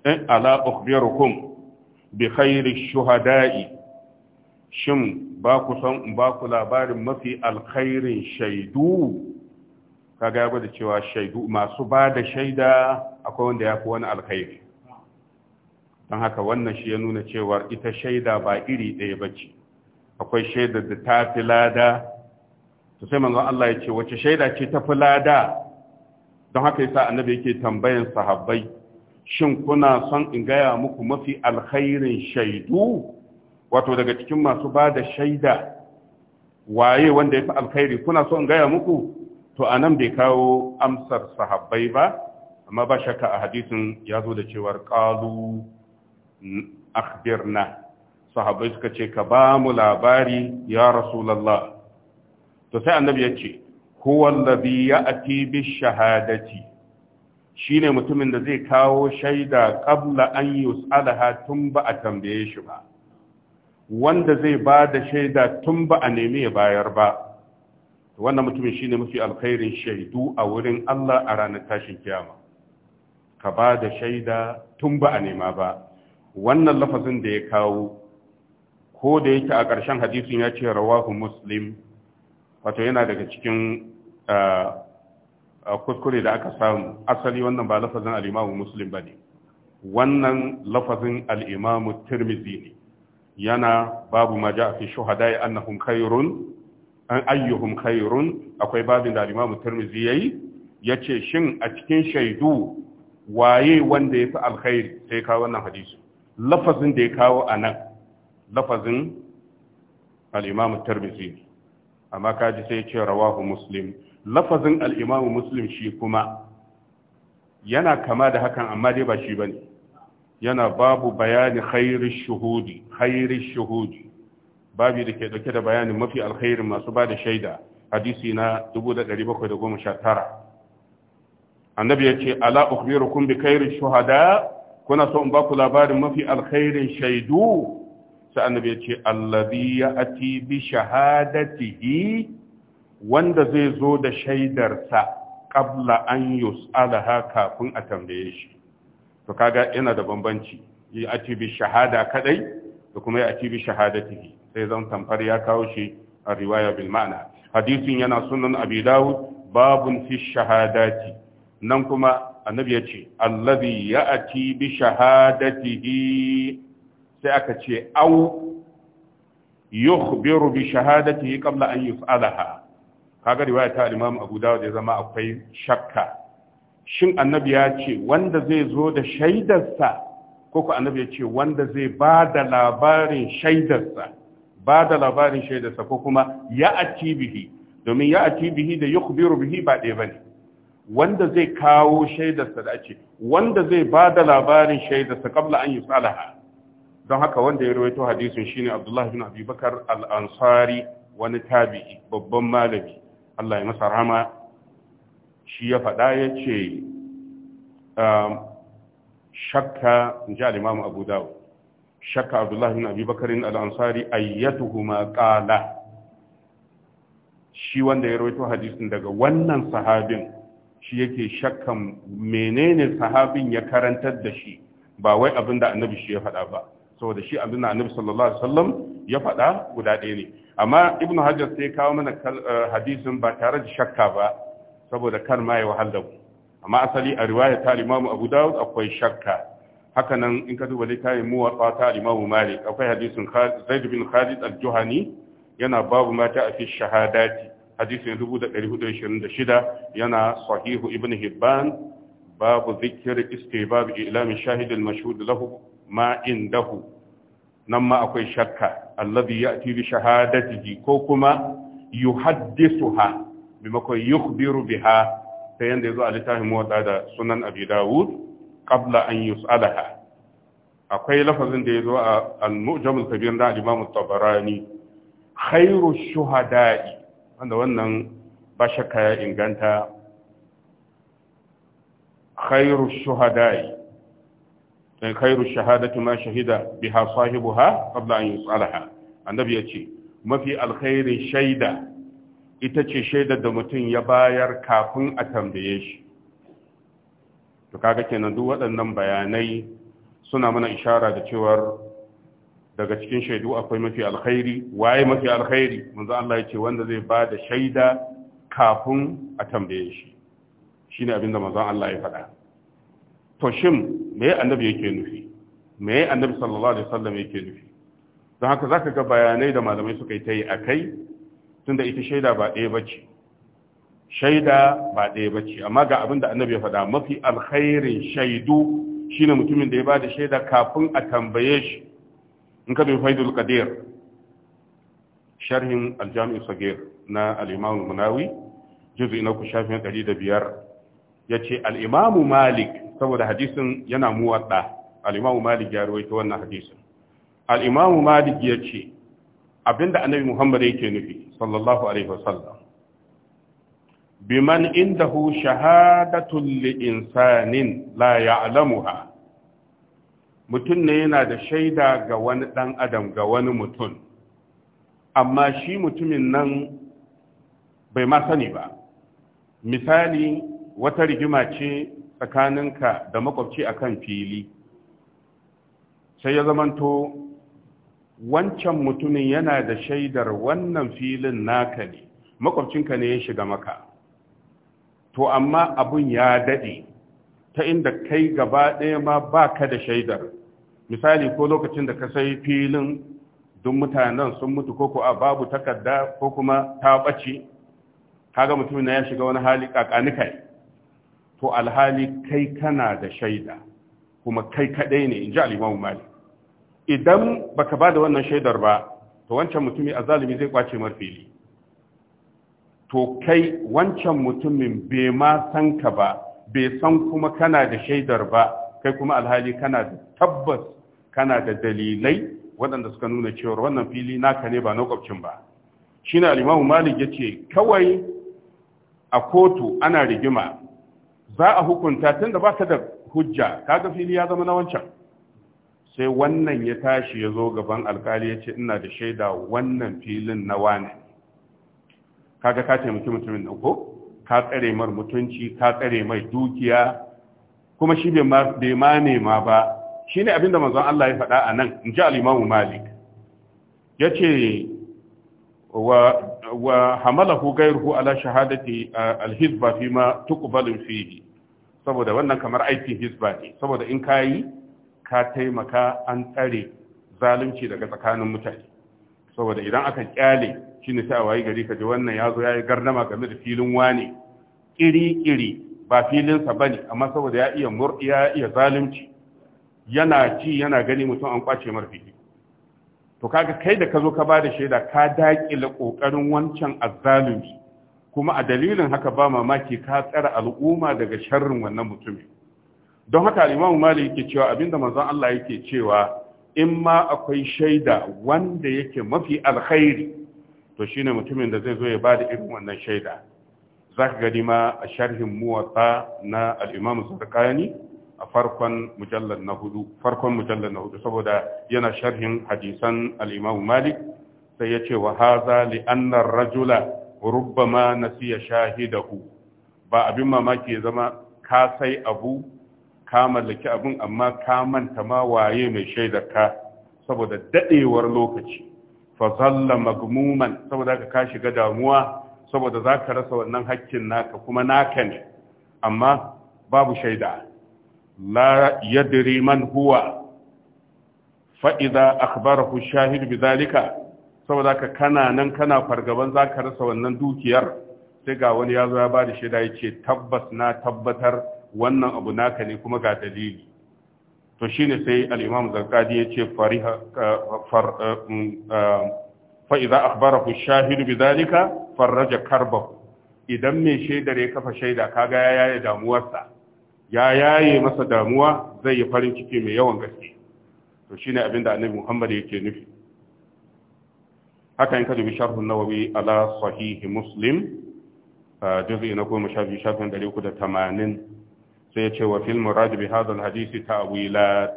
A: in ala ukhbirukum bi khairi shuhada'i shim ba ku san in ba ku labarin mafi alkhairin shaidu kaga ya da cewa shaidu masu bada shaida akwai wanda ya fi wani alkhairi don haka wannan shi ya nuna cewar ita shaida ba iri ɗaya ba ce akwai shaida da ta fi lada to sai manzon Allah ya ce wace shaida ce ta fi lada don haka yasa annabi yake tambayan sahabbai shin kuna son in gaya muku mafi alkhairin shaidu wato daga cikin masu ba da shaida waye wanda ya fi alkhairi kuna so in gaya muku to a nan bai kawo amsar sahabbai ba amma ba shakka a hadisin ya zo da cewar ƙalu akhbirna sahabbai suka ce ka ba mu labari ya rasulallah to sai annabi ya ce huwallazi ya'ti bi shahadati shine mutumin da zai kawo shaida qabla an yus'alaha tun ba a tambaye shi ba wanda zai ba da shaida tun ba a nemi ya bayar ba wannan mutumin shi ne mafi alkhairin shaidu a wurin Allah a ranar tashin kiyama ka ba da shaida tun ba a nema ba wannan lafazin da ya kawo ko da yake a ƙarshen hadisin ya ce rawahu muslim wato yana daga cikin ah, kuskure da aka samu asali wannan ba lafazin al'imamu muslim ba ne wannan lafazin al'imamu tirmizi ne yana babu ma ja'a fi ya annahum khairun an ayyuhum khairun akwai babin da Imam Tirmidhi yayi yace shin a cikin shaidu waye wanda yafi alkhairi sai ka wannan hadisi lafazin da ya kawo anan lafazin al-Imam Tirmidhi amma kaji sai yace rawahu Muslim lafazin al-Imam Muslim shi kuma yana kama da hakan amma dai ba shi bane yana babu bayani khairish shuhudi khairish shuhudi babu da ke dauke da bayani mafi alkhairi masu ba da shaida hadisi na 1719 annabi ya ce ala ukhbirukum bi khairish shuhada kuna so in ba ku labarin mafi alkhairin shaidu sai annabi ya ce allazi ya'ti bi shahadatihi wanda zai zo da shaidarsa qabla an yus'alaha kafin a tambaye shi to kaga yana da bambanci yi atibi shahada kadai da kuma ya atibi shahadatihi sai zan tamfar ya kawo shi a riwaya bil ma'ana hadisin yana sunan abi dawud babun fi shahadati nan kuma annabi ya ce allazi ya atibi shahadatihi sai aka ce au yukhbiru bi shahadatihi qabla an yuf'alaha kaga riwaya ta al-imam abu dawud ya zama akwai shakka shin annabi ya ce wanda zai zo da shaidarsa ko ku annabi ya ce wanda zai ba da labarin shaidarsa ba da labarin shaidarsa ko kuma ya ati bihi domin ya ati bihi da kubiru bihi ba ɗaya bane wanda zai kawo shaidarsa da ce, wanda zai ba da labarin shaidarsa kabla an yi salaha don haka wanda ya rawaito hadisin shine Abdullah bin abubakar Bakar al-Ansari wani tabi'i babban malami Allah ya masa rahama shi ya faɗa ya ce shakka in ji alimamu abu dawo shakka abdullahi bin abubakarin al'ansari ayyatuhuma ƙala shi wanda ya roito hadisin daga wannan sahabin shi yake shakkan menene sahabin ya karantar da shi ba wai abin da annabi shi ya faɗa ba saboda shi abin da annabi sallallahu alaihi wasallam ya faɗa guda ɗaya ne amma ibnu hajar sai kawo mana eh, hadisin ba tare da shakka ba saboda kar ma ya wahal da mu amma asali a riwaya ta Imam Abu Dawud akwai shakka hakanan in ka duba littafin muwatta ta Imam Malik akwai hadisin Zaid bin Khalid al-Juhani yana babu mata a fi shahadati hadisin 1426 yana sahihu Ibn Hibban babu zikir istibab ilamin shahidin mashhud lahu ma indahu nan ma akwai shakka alladhi ya'ti bi shahadatihi ko kuma ha. bimakon yukhbiru biha ta yanda yazo a littafin muwatta da sunan abi dawud qabla an yus'alaha akwai lafazin da yazo a al-mu'jam al-kabir da al-imam at-tabarani khairu shuhada'i wanda wannan ba shakka ya inganta khairu shuhada'i eh, khairu shahadatu ma shahida biha sahibuha qabla an yus'alaha annabi yace mafi alkhairin shaida ita ce shaidar da mutum ya bayar kafin a tambaye shi to kaga kenan duk waɗannan bayanai suna mana ishara da cewar daga cikin shaidu akwai mafi alkhairi waye mafi alkhairi manzo Allah ya ce wanda zai ba da shaida kafin a tambaye shi shine abin da manzo Allah ya faɗa to shin me annabi yake nufi me annabi sallallahu alaihi wasallam yake nufi don haka zaka ga bayanai da malamai suka yi ta yi akai tunda ita shaida ba ɗaya ba ce, shaida ba ɗaya ba ce. amma ga abin da annabi ya faɗa mafi alkhairin shaidu shine mutumin da ya bada shaida kafin a tambaye shi in ka bai faidul qadir sharhin aljami'u sagir na al imamu munawi juzu na kushafin 105 yace al imamu malik saboda hadisin yana muwadda al imamu malik ya rawaito wannan hadisin al imamu malik yace abinda annabi muhammad yake nufi sallallahu alaihi wasallam biman indahu shahadatul li insanin la ya'lamuha mutum ne yana da shaida ga wani dan adam ga wani mutum amma shi mutumin nan bai ma sani ba misali wata rigima ce tsakaninka da makwabci akan fili sai ya zamanto wancan mutumin yana da shaidar wannan filin naka ne makwabcinka ne ya shiga maka to amma abun ya daɗe ta inda kai gaba ɗaya ma ba ka da shaidar misali ko lokacin da ka sai filin duk mutanen sun mutu ko ko a babu takarda ko kuma ta ɓace kaga mutumin na ya shiga wani hali kai to alhali kai kana da shaida kuma kai kaɗai ne in ji alimamu malik idan baka ba da wannan shaidar ba to wancan mutumi a zalimi zai kwace marfili to kai wancan mutumin bai ma san ka ba bai san kuma kana da shaidar ba kai kuma alhali kana da tabbas kana da dalilai waɗanda suka nuna cewar wannan fili naka ne ba na kwabcin ba shi ne alimamu malik ya ce kawai a kotu ana rigima za a hukunta tun da ba baka da hujja kaga fili ya zama na wancan sai wannan ya tashi ya zo gaban alkali ya ce ina da shaida wannan filin na wane kaga ka taimaki mutumin nan ko ka tsare mar mutunci ka tsare mai dukiya kuma shi bai ma ne ma ba shi ne abinda manzon Allah ya faɗa a nan in ji alimamu malik ya ce wa hamalahu gairuhu ala shahadati alhizba fi ma tuqbalu fihi saboda wannan kamar aikin hizba ne saboda in kayi ka taimaka an tsare zalunci daga tsakanin mutane saboda idan aka kyale shi ne sai a wayi gari kaje wannan ya zo ya yi garnama game da filin wane kiri-kiri ba filinsa ba ne amma saboda ya iya ya iya zalunci yana ci yana gani mutum an kwace marfi to kaga kai da ka zo ka ba da shaida ka daƙile ƙoƙarin wancan azzalumi kuma a dalilin haka ba mamaki ka tsara al'umma daga sharrin wannan mutumin don haka Imam Malik yake cewa abinda manzon Allah yake cewa in ma akwai shaida wanda yake mafi alkhairi to shine mutumin da zai zo ya bada irin wannan shaida zaka gani ma a sharhin muwatta na al-Imam Zarqani a farkon mujallal na hudu farkon mujallal na hudu saboda yana sharhin hadisan al-Imam Malik sai ya ce wa haza li anna rajula rubbama nasiya shahidahu ba abin mamaki ya zama ka sai abu ka mallaki abin amma ka manta ma waye mai shaida ka saboda dadewar lokaci fa zalla magmuman saboda ka ka shiga damuwa saboda za rasa wannan hakkin naka kuma naka ne amma babu shaida la yadri man huwa fa idza akhbarahu shahid bidhalika saboda ka kana nan kana fargaban za rasa wannan dukiyar sai ga wani ya ya bada shaida ya ce tabbas na tabbatar wannan abu naka ne kuma ga dalili to shine sai al-imam zarkadi yace fariha far eh, mm, eh, fa idza akhbarahu shahidu bidhalika faraja karba idan mai shaidar ya kafa shaida kaga ya yaye damuwarsa ya yaye masa damuwa zai yi farin ciki mai yawan gaske to shine abinda annabi Muhammad yake nufi haka in ka dubi an nawawi ala sahihi muslim eh, juz'i na goma shafin da tamanin sai ya ce wa fil murad bi hadha al hadisi ta'wilat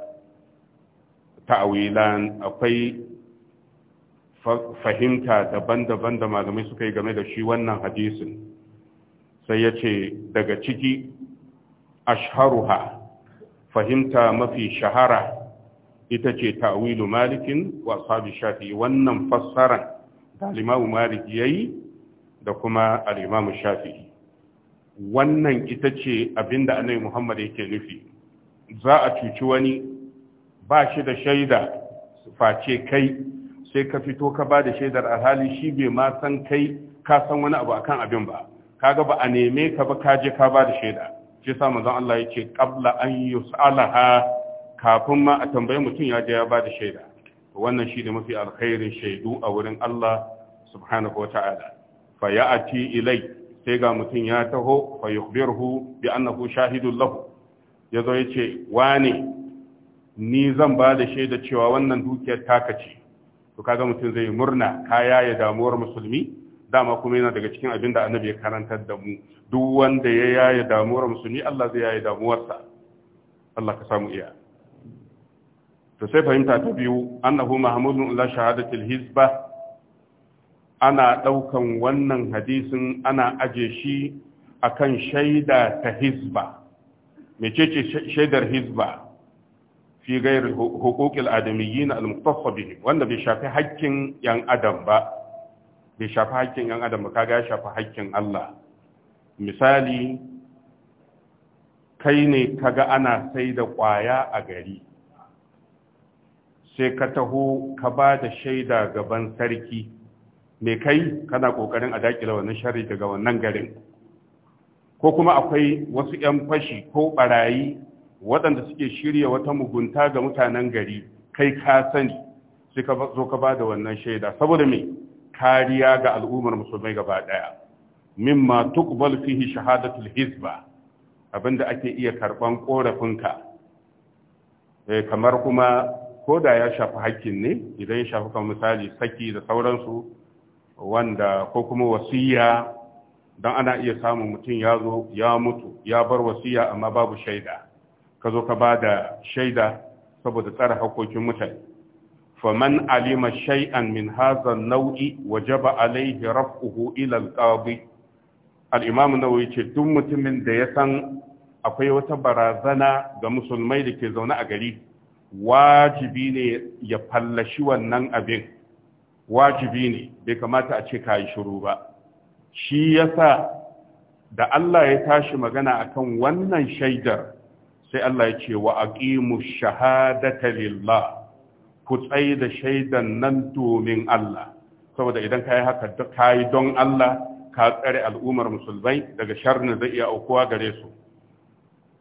A: ta'wilan akwai fahimta daban-daban da malamai suka yi game da shi wannan hadisin sai ya ce daga ciki ashharuha fahimta mafi shahara ita ce ta'wilu malikin wa ashabi shafi, wannan fassaran da al malik yayi da kuma al-imamu shafi'i wannan ita ce abin da annabi Muhammad yake nufi za a cuci wani ba shi da shaida face kai sai ka fito ka ba da shaidar alhali shi bai ma san kai ka san wani abu akan abin ba kaga ba a neme ka ba ka je ka ba da shaida shi sa manzon Allah yake qabla an yus'alaha kafin ma a tambaye mutum ya je ya ba da shaida wannan shi ne mafi alkhairin shaidu a wurin Allah subhanahu wata'ala fa ya'ati ilai sai ga mutum ya taho fa yukhbirhu bi annahu shahidul lahu yazo yace wane ni zan ba da shaida cewa wannan dukiyar taka ce to kaga mutum zai murna kaya ya damuwar musulmi dama kuma yana daga cikin abin da annabi ya karantar da mu duk wanda ya yaya damuwar musulmi Allah zai yaya damuwarsa Allah ka samu iya to sai fahimta ta biyu annahu mahmudun la shahadatil hizba ana ɗaukan wannan hadisin ana aje shi akan shaida ta hizba ce, shaidar hizba fi gair hukukil adamiyyin al-muqtassa bihi wanda bai shafi haƙƙin yan adam ba bai shafi haƙƙin yan adam ba kaga ya shafi haƙƙin Allah misali kai ne kaga ana sai da ƙwaya a gari sai ka taho ka ba da shaida gaban sarki Mai kai kana kokarin a dakile wannan sharri daga wannan garin ko kuma akwai wasu 'yan fashi ko barayi waɗanda suke shirya wata mugunta ga mutanen gari kai ka sani sai ka zo ka ba da wannan shaida saboda mai kariya ga al'ummar musulmai gaba ɗaya mimma tuqbal fihi shahadatul hizba abinda ake iya karban korafinka eh, kamar kuma ko da ya shafi hakkin ne idan ya shafi kan misali saki da sauransu wanda ko kuma wasiya don ana iya samun mutum ya zo ya mutu ya bar wasiya amma babu shaida ka zo ka ba da shaida saboda tsara harkokin mutane faman alima shay'an min hadha nau'i wajaba alayhi raf'uhu ila al-qadi al-imam nawawi ce duk mutumin da ya san akwai wata barazana ga musulmai da ke zaune a gari wajibi ne ya fallashi wannan abin wajibi ne bai kamata a ce ka yi shiru ba shi yasa da Allah ya tashi magana akan wannan shaidar sai Allah ya ce wa aqimu shahadata lillah ku tsaye da shaidan nan domin Allah saboda idan kayi haka ka don Allah ka tsare al'ummar musulmai daga sharrin zai iya aukuwa gare su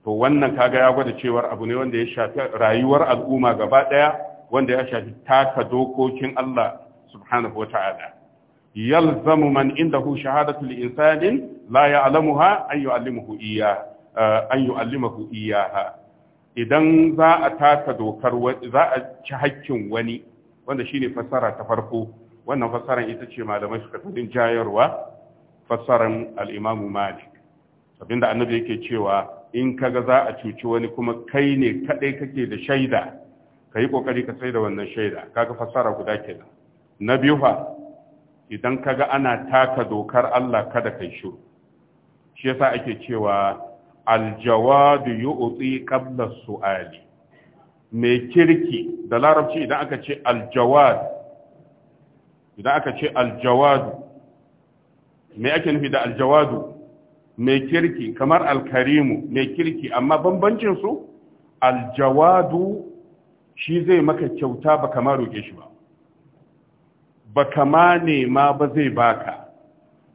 A: to wannan kaga ya gwada cewar abu ne wanda ya shafi rayuwar al'umma gaba daya wanda ya shafi taka dokokin Allah subhanahu wata'ala yalzamu man indahu shahadatu li insanin la eh, idan taka dokar za ci hakkin wani wanda shine fassara ta farko wannan fassaran ita ce malamai suka tudin jayarwa fassaran al-imamu malik abinda annabi yake cewa in kaga za a wani kuma kai ne kadai kake da shaida ka yi kokari ka sai da wannan shaida kaga fassara guda kenan na biyu fa idan kaga ana taka dokar Allah kada kai shiru shi yasa ake cewa aljawadu yu'ti qabla su'ali Me kirki da larabci idan aka ce aljawad idan aka ce Aljawad, me ake nufi da aljawadu me kirki kamar alkarimu me kirki amma bambancin su aljawadu shi zai maka kyauta ba kamar roke shi ba ba kama ma ba zai baka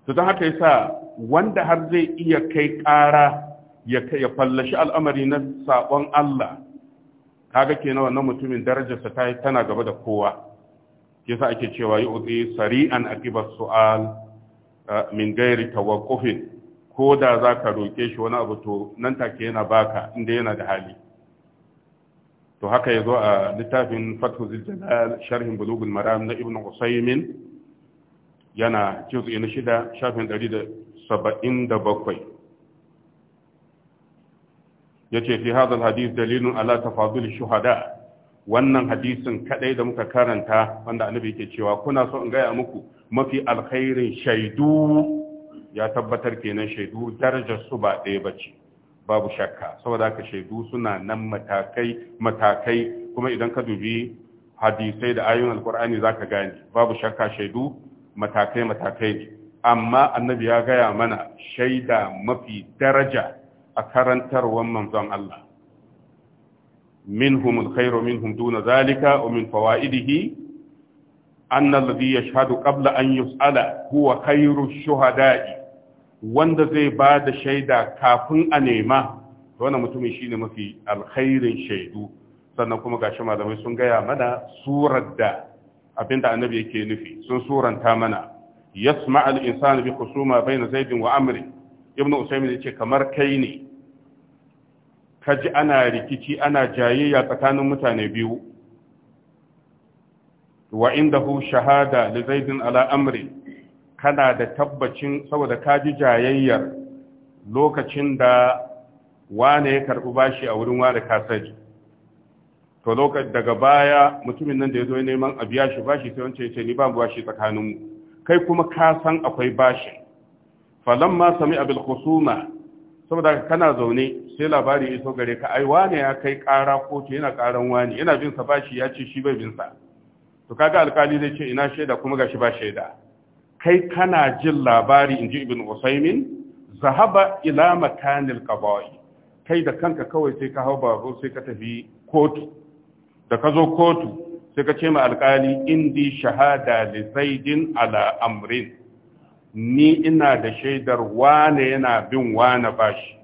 A: to don haka yasa wanda har zai iya kai ƙara ya ya fallashi al'amari na sabon Allah kaga kenan na mutumin darajarsa ta yi tana gaba da kowa yasa ake cewa yi utsi sari'an aqiba su'al eh, min gairi tawaqqufin ko da zaka roke shi wani abu to nan take yana baka inda yana da hali to haka ya zo a littafin fathu ziljalal sharhin bulugul maram na ibn usaymin yana juz'i na shida shafin Ya yace fi hadha alhadith dalilin ala tafadul shuhada wannan hadisin kadai da muka karanta wanda annabi yake cewa kuna so in gaya muku mafi alkhairin shaidu ya tabbatar kenan shaidu darajar su ba ɗaya ba ce. babu shakka saboda haka shaidu suna nan matakai matakai kuma idan ka dubi hadisai da ayoyin alkur'ani zaka gane babu shakka shaidu matakai matakai ne amma annabi ya gaya mana shaida mafi daraja a karantarwar manzon Allah minhum alkhairu minhum duna zalika wa min fawaidihi anna alladhi yashhadu qabla an yus'ala huwa shuhada'i wanda zai ba da shaida kafin a nema wannan mutumin shine mafi alkhairin shaidu sannan kuma ga shi malamai sun gaya mana surar da abinda annabi yake nufi sun suranta mana yasma al insanu bi khusuma bayna zaidin wa amri ibnu usaymin yace kamar kai ne kaji ana rikici ana jayayya tsakanin mutane biyu wa indahu shahada li zaidin ala amri kana da tabbacin saboda ka ji jayayyar lokacin da wane ya karɓi bashi a wurin wane kasari to lokacin daga baya mutumin nan da ya zo neman a biya shi bashi sai wancan ya ce ni ba bashi tsakaninmu kai kuma ka san akwai bashi falamma sami abil khusuma saboda kana zaune sai labari iso gare ka ai wane ya kai kara kotu yana karan wani yana bin sa bashi ya ce shi bai bin sa to kaga alkali zai ce ina shaida kuma ga gashi ba shaida kai kana jin labari inji ibn usaimin zahaba ila makanil qada'i kai da kanka kawai sai ka hau babur sai ka tafi kotu da ka zo kotu sai ka ce ma alkali indi shahada li zaidin ala amrin ni ina da shaidar wane yana bin wane bashi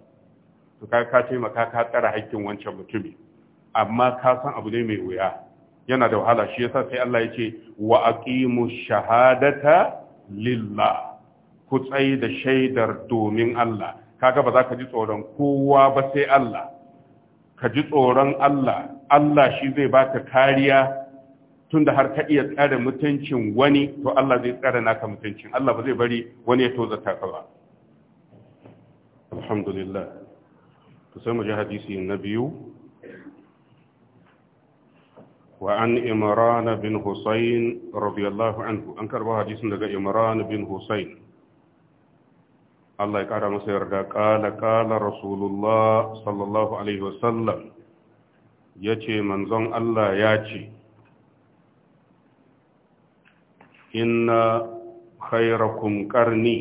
A: to ka ka ce ma ka ka tsara hakkin wancan mutumi amma ka san abu ne mai wuya yana da wahala shi yasa sai Allah ya ce wa aqimu shahadata lillah ku tsayi da shaidar domin Allah kaga ba za ka ji tsoron kowa ba sai Allah ka ji tsoron Allah Allah shi zai baka kariya tunda har ka iya tsare mutuncin wani to Allah zai tsare naka mutuncin Allah ba zai bari wani ya toza ka ba alhamdulillah to sai mu ji hadisi na biyu وعن إمران بن حسين رضي الله عنه أنكر بها حديث لك إمران بن حسين الله يقرأ مسير قال قال رسول الله صلى الله عليه وسلم يتي منزون الله ياتي إن خيركم قرني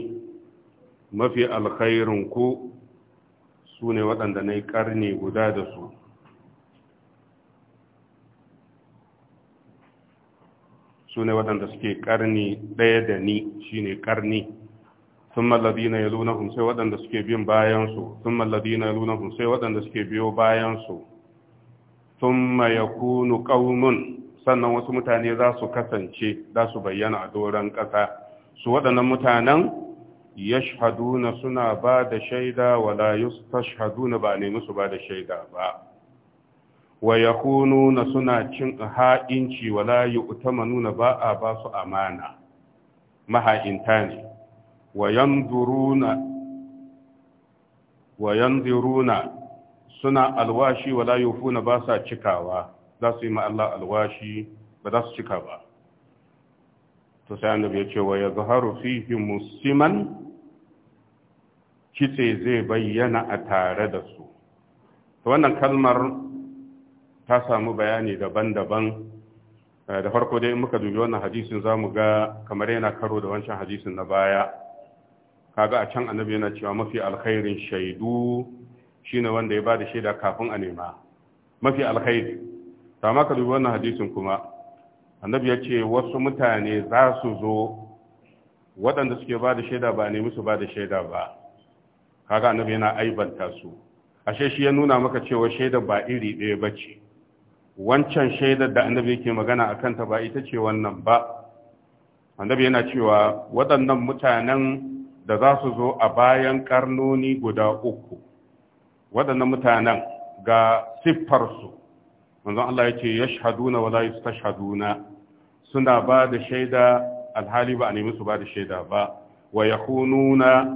A: ما في الخير كو سوني ودن دني قرني قداد سوني su ne waɗanda suke ƙarni ɗaya da ni shine ƙarni sun mallabi na yalu na sai waɗanda suke bin bayansu sun mallabi na yalu na sai waɗanda suke biyo bayansu sun maya kunu ƙaunun sannan wasu mutane za su kasance za su bayyana a doron ƙasa su waɗannan mutanen yashhaduna suna ba da shaida wala yustashhaduna ba ne musu ba da shaida ba wa yakununa suna cin ha'inci wala nuna ba a ba su amana maha'inta ne wa yanzuruna wa yanzuruna suna alwashi wala yufuna ba sa cikawa za su yi ma Allah alwashi ba za su cika ba to sai annabi ya ce wa yazharu fihi musliman kitse zai bayyana a tare da su to wannan kalmar ta samu bayani daban-daban eh, da farko dai muka dubi wannan hadisin za mu ga kamar yana karo da wancan hadisin na baya kaga a can annabi yana cewa mafi alkhairin shaidu shine wanda ya bada shaida kafin a nema mafi alkhairi ta ma ka dubi wannan hadisin kuma annabi ya ce wasu mutane za su zo waɗanda suke bada shaida ba a nemi su bada shaida ba kaga annabi yana aibanta su ashe shi ya nuna maka cewa shaida ba iri ɗaya ba ce wancan shaidar da annabi yake magana a kanta ba ita ce wannan ba annabi yana cewa waɗannan mutanen da za su zo a bayan karnoni guda uku waɗannan mutanen ga siffarsu manzon Allah ya ce yashhaduna wala shahaduna suna ba da shaida alhali ba a nemi su ba da shaida ba wa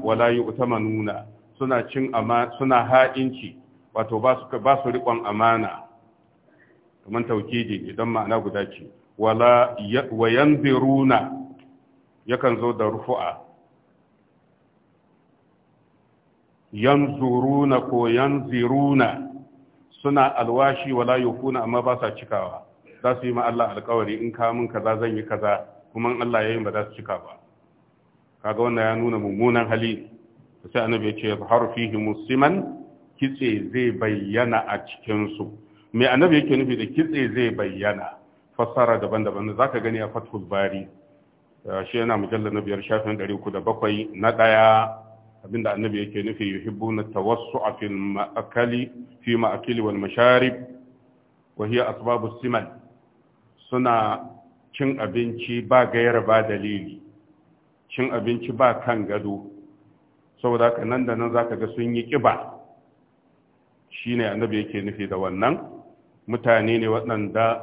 A: wala yu'tamanuna suna cin amana suna ha'inci wato ba su ba su riƙon amana kamar taukidi idan ma'ana guda ce wa yanziruna yakan zo da rufu'a yanzuruna ko yanziruna suna alwashi wala yufuna amma ba sa cikawa za su yi ma Allah alkawari in ka mun kaza zan yi kaza kuma in Allah yayin ba za su cika ba kaga wannan ya nuna mummunan hali sai annabi ya ce har musliman kitse zai bayyana a cikin su mai annabi yake nufi da kitse zai bayyana fassara daban-daban za ka gani a fathul bari uh, shi yana mujallar na biyar shafin ɗari uku da bakwai na ɗaya abinda annabi yake nufi hibbu na tawassu a fi ma'akali fi ma'akali wal masharib wa hiya asbabu siman suna cin abinci ba gayar ba dalili cin abinci ba kan gado saboda haka nan da nan za ka ga sun yi ƙiba. Shi ne annabi yake nufi da wannan mutane ne waɗanda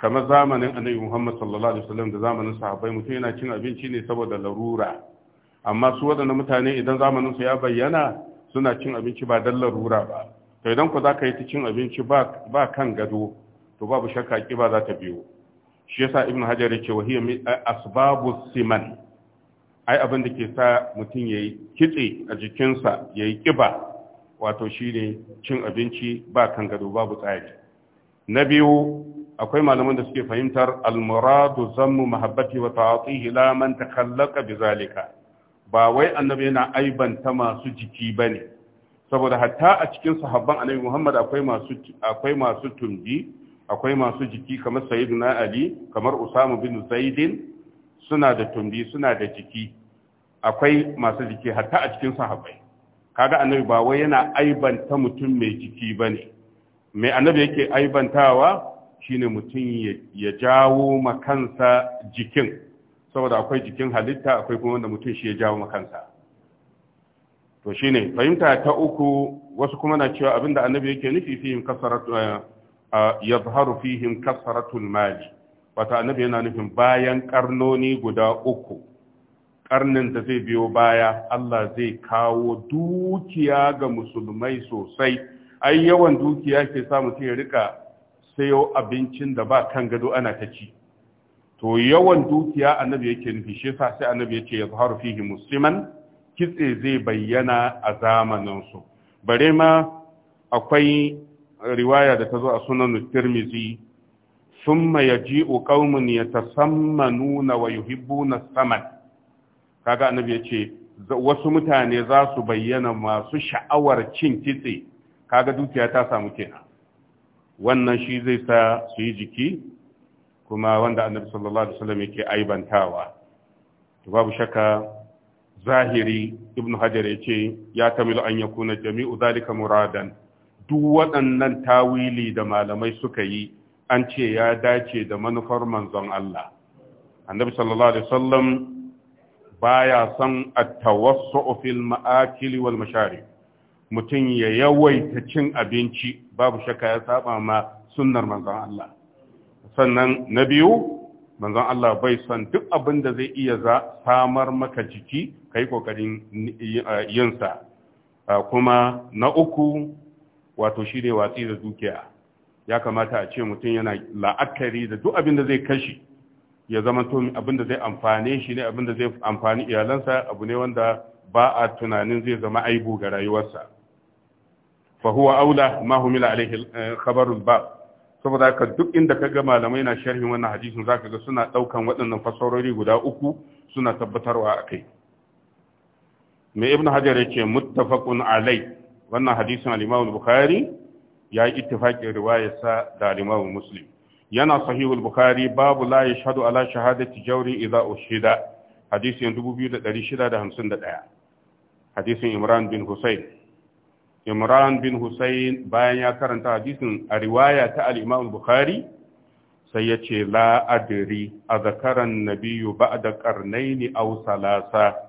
A: kamar zamanin annabi Muhammad sallallahu alaihi wasallam da zamanin sahabbai mutum yana cin abinci ne saboda larura amma su waɗanda mutane idan zamanin su ya bayyana suna cin abinci ba dan larura ba to idan ku zaka yi ta cin abinci ba ba kan gado to babu shakka kiba za ta biyo shi yasa ibn hajar yake wa hiya asbabu siman ai abin da ke sa mutum yayi kitse a jikinsa yayi kiba wato shine cin abinci ba kan gado babu tsari na biyu akwai malaman da suke fahimtar almuradu zammu mahabbati wa ta'atihi la man takallaka bizalika ba wai annabi yana aibanta masu jiki bane saboda hatta a cikin sahabban annabi Muhammad akwai masu akwai akwai masu jiki kamar sayyiduna Ali kamar Usama bin Zaidin suna da tumbi suna da jiki akwai masu jiki hatta a cikin sahabbai kaga annabi ba wai yana aibanta mutum mai jiki bane mai annabi yake aibantawa shine mutum ya jawo makansa jikin saboda akwai jikin halitta akwai kuma wanda mutum shi ya jawo makansa to shine fahimta ta uku wasu kuma na cewa abinda annabi yake nufi fihim kasaratu zaharu eh, fihim kasaratul mali wata annabi yana nufin bayan karnoni guda uku karnin da zai biyo baya Allah zai kawo dukiya ga musulmai sosai ai yawan dukiya ke sa mutum ya rika sayo abincin da ba kan gado ana ta ci to yawan dukiya annabi yake nufi shi yasa sai annabi yake ya zaharu fihi musliman kitse zai bayyana a zamanin su bare ma akwai riwaya da ta zo a sunan tirmizi thumma yaji'u qaumun yatasammanuna wa yuhibbuna saman kaga annabi ya ce wasu mutane za su bayyana masu sha'awar cin kitse kaga dukiya ta samu kenan wannan shi zai sa su yi jiki kuma wanda annabi sallallahu alaihi wasallam yake aibantawa to babu shakka zahiri ibn hajar yace ya tamilu an yakuna jami'u zalika muradan duk waɗannan tawili da malamai suka yi an ce ya dace da manufar manzon Allah annabi sallallahu alaihi wasallam baya san at-tawassu fil ma'akili wal mashari mutum ya yawaita cin abinci babu shakka ya saba ma sunnar manzon Allah sannan na biyu manzon Allah bai son duk abin da zai iya za samar maka jiki kai kokarin eh, yin sa kuma na uku wato shi ne watsi da dukiya ya kamata a ce mutum yana la'akari da duk abin da zai kashe. ya zama to abinda zai amfane shi ne abinda zai amfani iyalansa abu ne wanda ba a tunanin zai zama aibu ga rayuwarsa fa huwa aula ma humila alaihi eh, khabarul ba, saboda haka duk inda ka ga malamai na sharhin wannan hadisin zaka ga suna daukan waɗannan fasarori guda uku suna tabbatarwa akai mai ibnu hajar yake muttafaqun alai wannan hadisin al-imam bukhari ya yi ittifaqin riwayarsa da al-imam muslim yana sahihul bukhari babu la yashhadu ala shahadati jawri idza ushida hadisin 2651 hadisin imran bin husayn imran bin husayn bayan ya karanta hadisin a riwaya ta al-imam bukhari sai ya ce la adri zakaran Nabiyu ba'da qarnaini aw salasa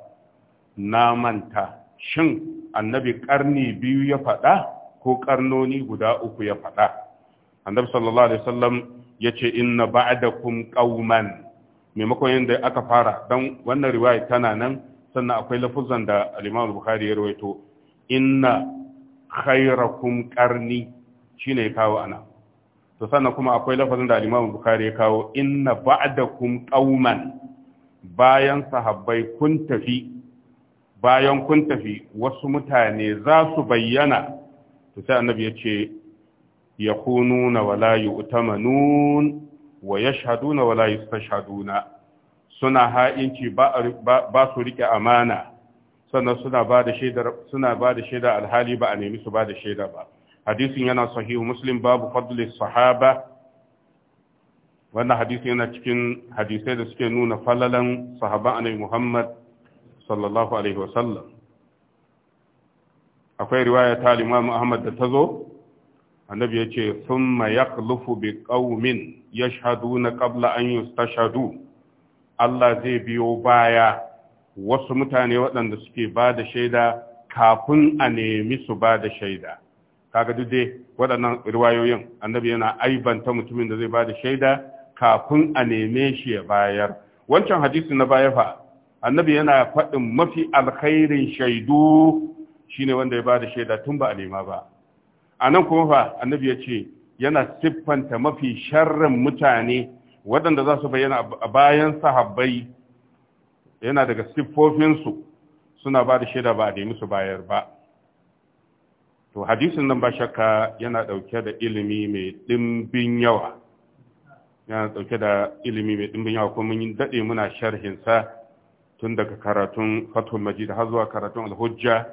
A: na manta shin annabi karni biyu ya faɗa ko karnoni guda uku ya faɗa annabi sallallahu alaihi wasallam ya ce inna ba'dakum qauman maimakon yadda aka fara don wannan riwaya tana nan sannan akwai lafuzan da al-Imam Bukhari ya rawaito inna khairakum qarni shine ya kawo ana to sannan kuma akwai lafazin da al-Imam Bukhari ya kawo inna ba'dakum qauman bayan sahabbai kun tafi bayan kun tafi wasu mutane za su bayyana to sai annabi ya ce yakununa wala yu'tamanun wa yashhaduna wala yustashhaduna suna ha'inci ba su rike amana sannan suna ba da shaidar shaida alhali ba a nemi su ba da shaida ba hadisin yana sahihu muslim babu fadli sahaba wannan hadisin yana cikin hadisai da suke nuna falalan sahaban annabi Muhammad sallallahu alaihi akwai riwaya ta Ahmad da zo. annabi ya ce thumma yaqlufu bi qaumin yashhaduna qabla an yustashhadu Allah zai biyo baya wasu mutane waɗanda suke ba da shaida kafin a nemi su ba da shaida kaga duk dai waɗannan riwayoyin annabi yana aibanta mutumin da zai ba da shaida kafin a neme shi ya bayar wancan hadisi na baya fa annabi yana faɗin mafi alkhairin shaidu shine wanda ya ba da shaida tun ba a nema ba a nan kuma fa annabi ya ce yana siffanta mafi sharrin mutane waɗanda za su bayyana a bayan sahabbai yana daga siffofinsu suna ba da shaida ba a nemi su bayar ba to hadisin nan ba shakka yana ɗauke da ilimi mai ɗimbin yawa yana ɗauke da ilimi mai ɗimbin yawa kuma mun daɗe muna sharhinsa tun daga karatun fatul majid har zuwa karatun alhujja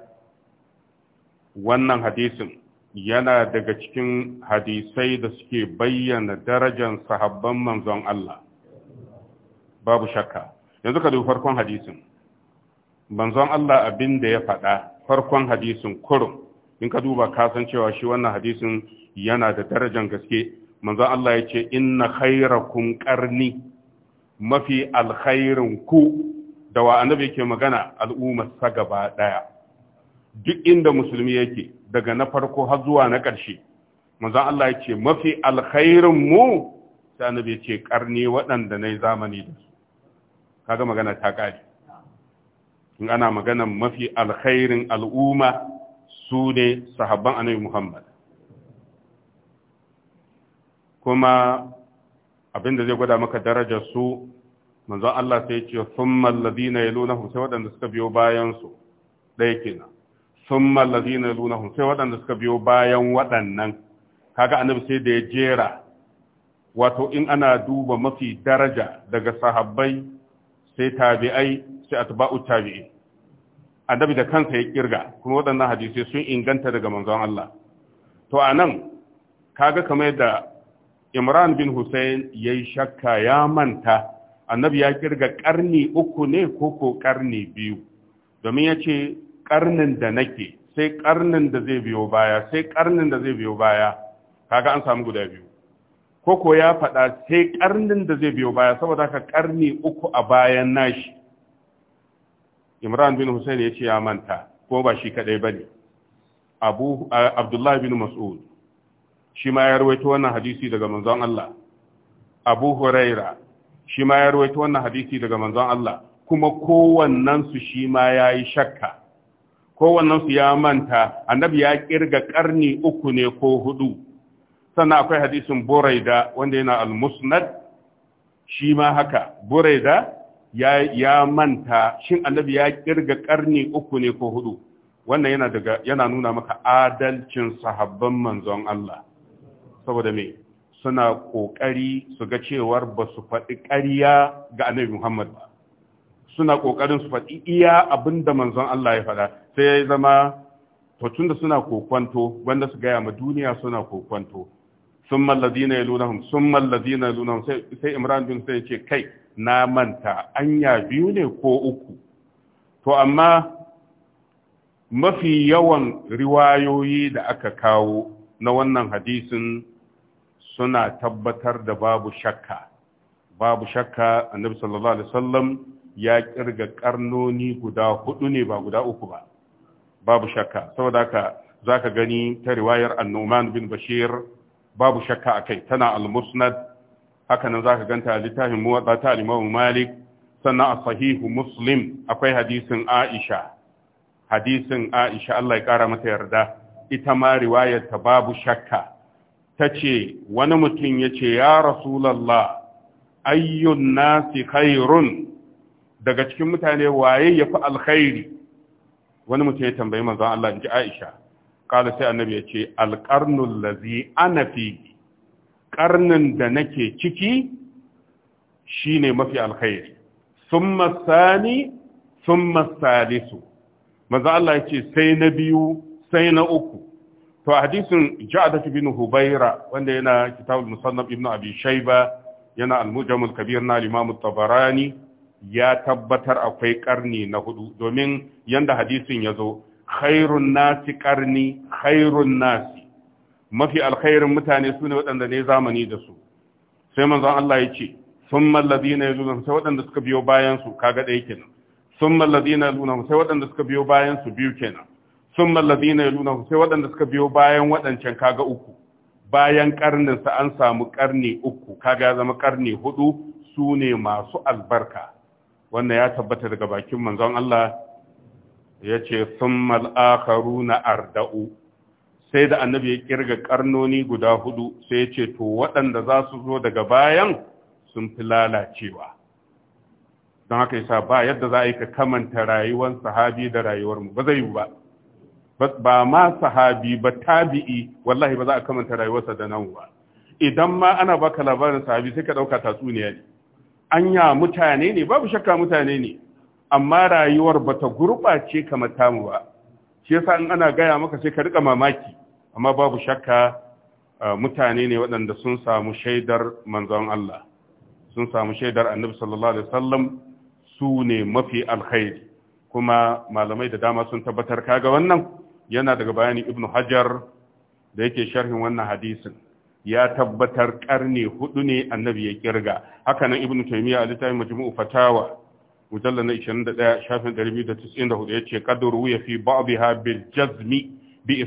A: wannan hadisin yana daga cikin hadisai da suke bayyana darajar sahabban manzon Allah babu shakka yanzu ka dubi farkon hadisin manzon Allah abin da ya faɗa farkon hadisin kurum in ka duba ka san cewa shi wannan hadisin yana da darajar gaske manzon Allah ya ce inna khairakum qarni mafi alkhairin ku da wa annabi yake magana al'ummar sa gaba daya duk inda musulmi yake daga na farko har zuwa na ƙarshe manzon Allah ya ce mafi alkhairin mu sai annabi ya ce karni waɗanda na yi zamani da su kaga magana ta ƙare, in ana magana mafi alkhairin al'umma su ne sahabban annabi muhammad kuma abinda zai gwada maka darajar su manzon Allah sai ya ce thumma alladhina yalunahum sai waɗanda suka biyo bayan su ɗaya kenan thumma allazina yalunahum sai waɗanda suka biyo bayan waɗannan kaga annabi sai da ya jera wato in ana duba mafi daraja daga sahabbai sai tabi'ai sai atba'u tabi'i annabi da kansa ya kirga kuma waɗannan hadisai sun inganta daga manzon Allah to anan kaga kamar da Imran bin Hussein yayi shakka ya manta annabi ya kirga karni uku ne koko karni biyu domin ya ce karnin da nake sai karnin da zai biyo baya sai karnin da zai biyo baya kaga an samu guda biyu koko ya faɗa sai karnin da zai biyo baya saboda ka karni uku a bayan nashi imran bin hussein ya ce ya manta ko ba shi kadai bane abu abdullahi bin mas'ud shi ma ya rawaito wannan hadisi daga manzon Allah abu huraira shi ma ya rawaito wannan hadisi daga manzon Allah kuma kowannen su shi ma yayi shakka wannan su ya manta annabi ya kirga karni uku ne ko hudu sannan akwai hadisin buraida wanda yana al-musnad shi ma haka buraida ya ya manta shin annabi ya kirga karni uku ne ko hudu wannan yana daga yana nuna maka adalcin sahabban manzon Allah saboda me suna kokari su ga cewar ba su faɗi ƙarya ga annabi Muhammad ba suna ƙoƙarin su faɗi iya abin da manzon Allah ya faɗa sai ya zama to da suna kokwanto wanda su gaya ma duniya suna kokwanto summa lunahun sun mallazi na yalunahum lunahun sai Imran bin sai ce kai na manta anya biyu ne ko uku to amma mafi yawan riwayoyi da aka kawo na wannan hadisin suna tabbatar da babu shakka babu shakka annabi sallallahu alaihi wasallam ya kirga karnoni guda hudu ne ba guda uku ba babu shakka saboda haka zaka gani ta riwayar annuman bin bashir babu shakka akai tana al-musnad haka nan zaka ganta littafin muwatta ta al-imam malik sannan a sahihu muslim akwai hadisin aisha hadisin aisha Allah ya kara mata yarda ita ma riwayar ta babu shakka tace wani mutum yace ya rasulullah ayyun nasi khairun daga cikin mutane waye ya fi alkhairi wani mutum ya tambayi manzon Allah in ji Aisha kala sai annabi ya ce alƙarnul lazi ana fi ƙarnin da nake ciki shine mafi alkhairi summa sani summa salisu manzon Allah ya ce sai na biyu sai na uku to hadisin ja'adat bin hubaira wanda yana kitabul musannaf ibnu abi shayba yana al-mujamul kabir na al-imam at-tabarani ya tabbatar akwai karni na hudu domin yanda hadisin ya zo khairun nasi karni khairun nasi mafi alkhairin mutane su ne waɗanda ne zamani da su sai manzon Allah ya ce sun mallazi na yanzu sai waɗanda suka biyo bayan su kaga ɗaya kenan sun mallazi na yanzu sai waɗanda suka biyo bayan su biyu kenan sun mallazi na yanzu sai waɗanda suka biyo bayan waɗancan kaga uku bayan karnin sa an samu karni uku kaga ya zama karni hudu su ne masu albarka wannan ya tabbata daga bakin manzon Allah ya ce sun mal'akaru na arda'u sai da annabi ya kirga karnoni guda hudu sai ya ce to waɗanda za su zo daga bayan sun fi lalacewa don haka yasa ba yadda za a yi ka kamanta rayuwar sahabi da rayuwar mu ba zai yi ba ba ma sahabi ba tabi'i wallahi ba za a kamanta rayuwarsa da nan ba idan ma ana baka labarin sahabi sai ka ɗauka tatsuniya ne anya mutane ne babu shakka mutane ne amma rayuwar bata gurɓace kamar tamu ba shi yasa in ana gaya maka sai ka rika mamaki amma babu shakka eh, mutane ne waɗanda sun samu shaidar manzon Allah sun samu shaidar annabi sallallahu alaihi wasallam su ne mafi alkhairi kuma malamai da dama sun tabbatar kaga wannan yana daga bayani ibnu hajar da yake sharhin wannan hadisin ya tabbatar karni hudu ne annabi ya kirga haka nan ibnu taymiya a littafin majmu'u fatawa mujalla na 21 shafin 294 yace qadru ya fi ba'dha bil jazmi bi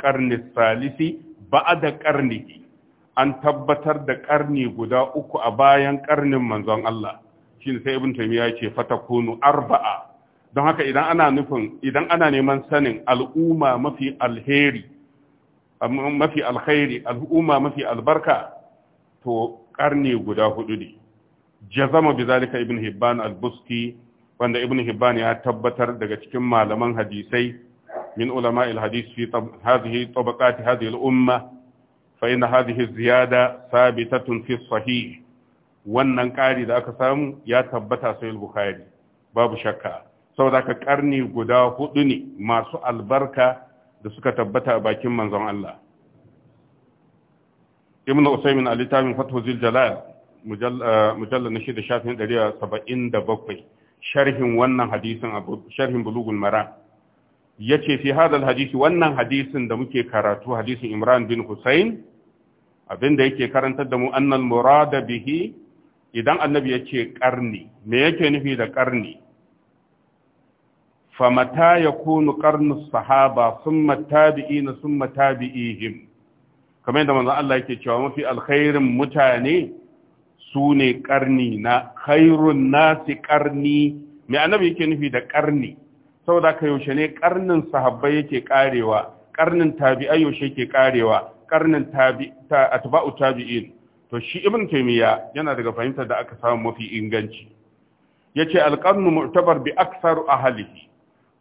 A: qarn al salisi ba'da qarnihi an tabbatar da karni guda uku a bayan karnin manzon Allah shine sai ibnu taymiya yace fatakunu arba'a don haka idan ana nufin idan ana neman sanin al'umma mafi alheri mafi alkhairi al'umma mafi albarka to karni guda hudu ne jazama bi zalika ibn hibban al buski wanda ibn hibban ya tabbatar daga cikin malaman hadisai min ulama al-hadis fi hadhihi tabaqat hadhihi al-umma fa inna hadhihi ziyada sabitatun fi sahih wannan ƙari da aka samu ya tabbata sai bukhari babu shakka saboda ka karni guda hudu ne masu albarka da suka tabbata a bakin manzon Allah ibn usaymin a littafin fatwa zil jalal mujallar uh, na shida shafin ɗari a saba'in da bakwai sharhin wannan hadisin sharhin bulugun mara ya ce fi hadal hadisi wannan hadisin da muke karatu hadisin imran bin husayn abinda yake karantar da mu annal murada bihi idan annabi ya ce ƙarni me yake nufi da ƙarni famata ya kunu karnus sahaba sun matabi'i na sun matabi'ihim kamar yadda manzon Allah yake cewa mafi alkhairin mutane su karni na khairun nasi karni mai annabi yake nufi da karni saboda ka yaushe ne karnin sahabbai yake karewa karnin tabi'ai yaushe yake karewa karnin atba'u tabi'in to shi ibn taymiya yana daga fahimtar da aka samu mafi inganci yace alqarnu mu'tabar bi aksar ahlihi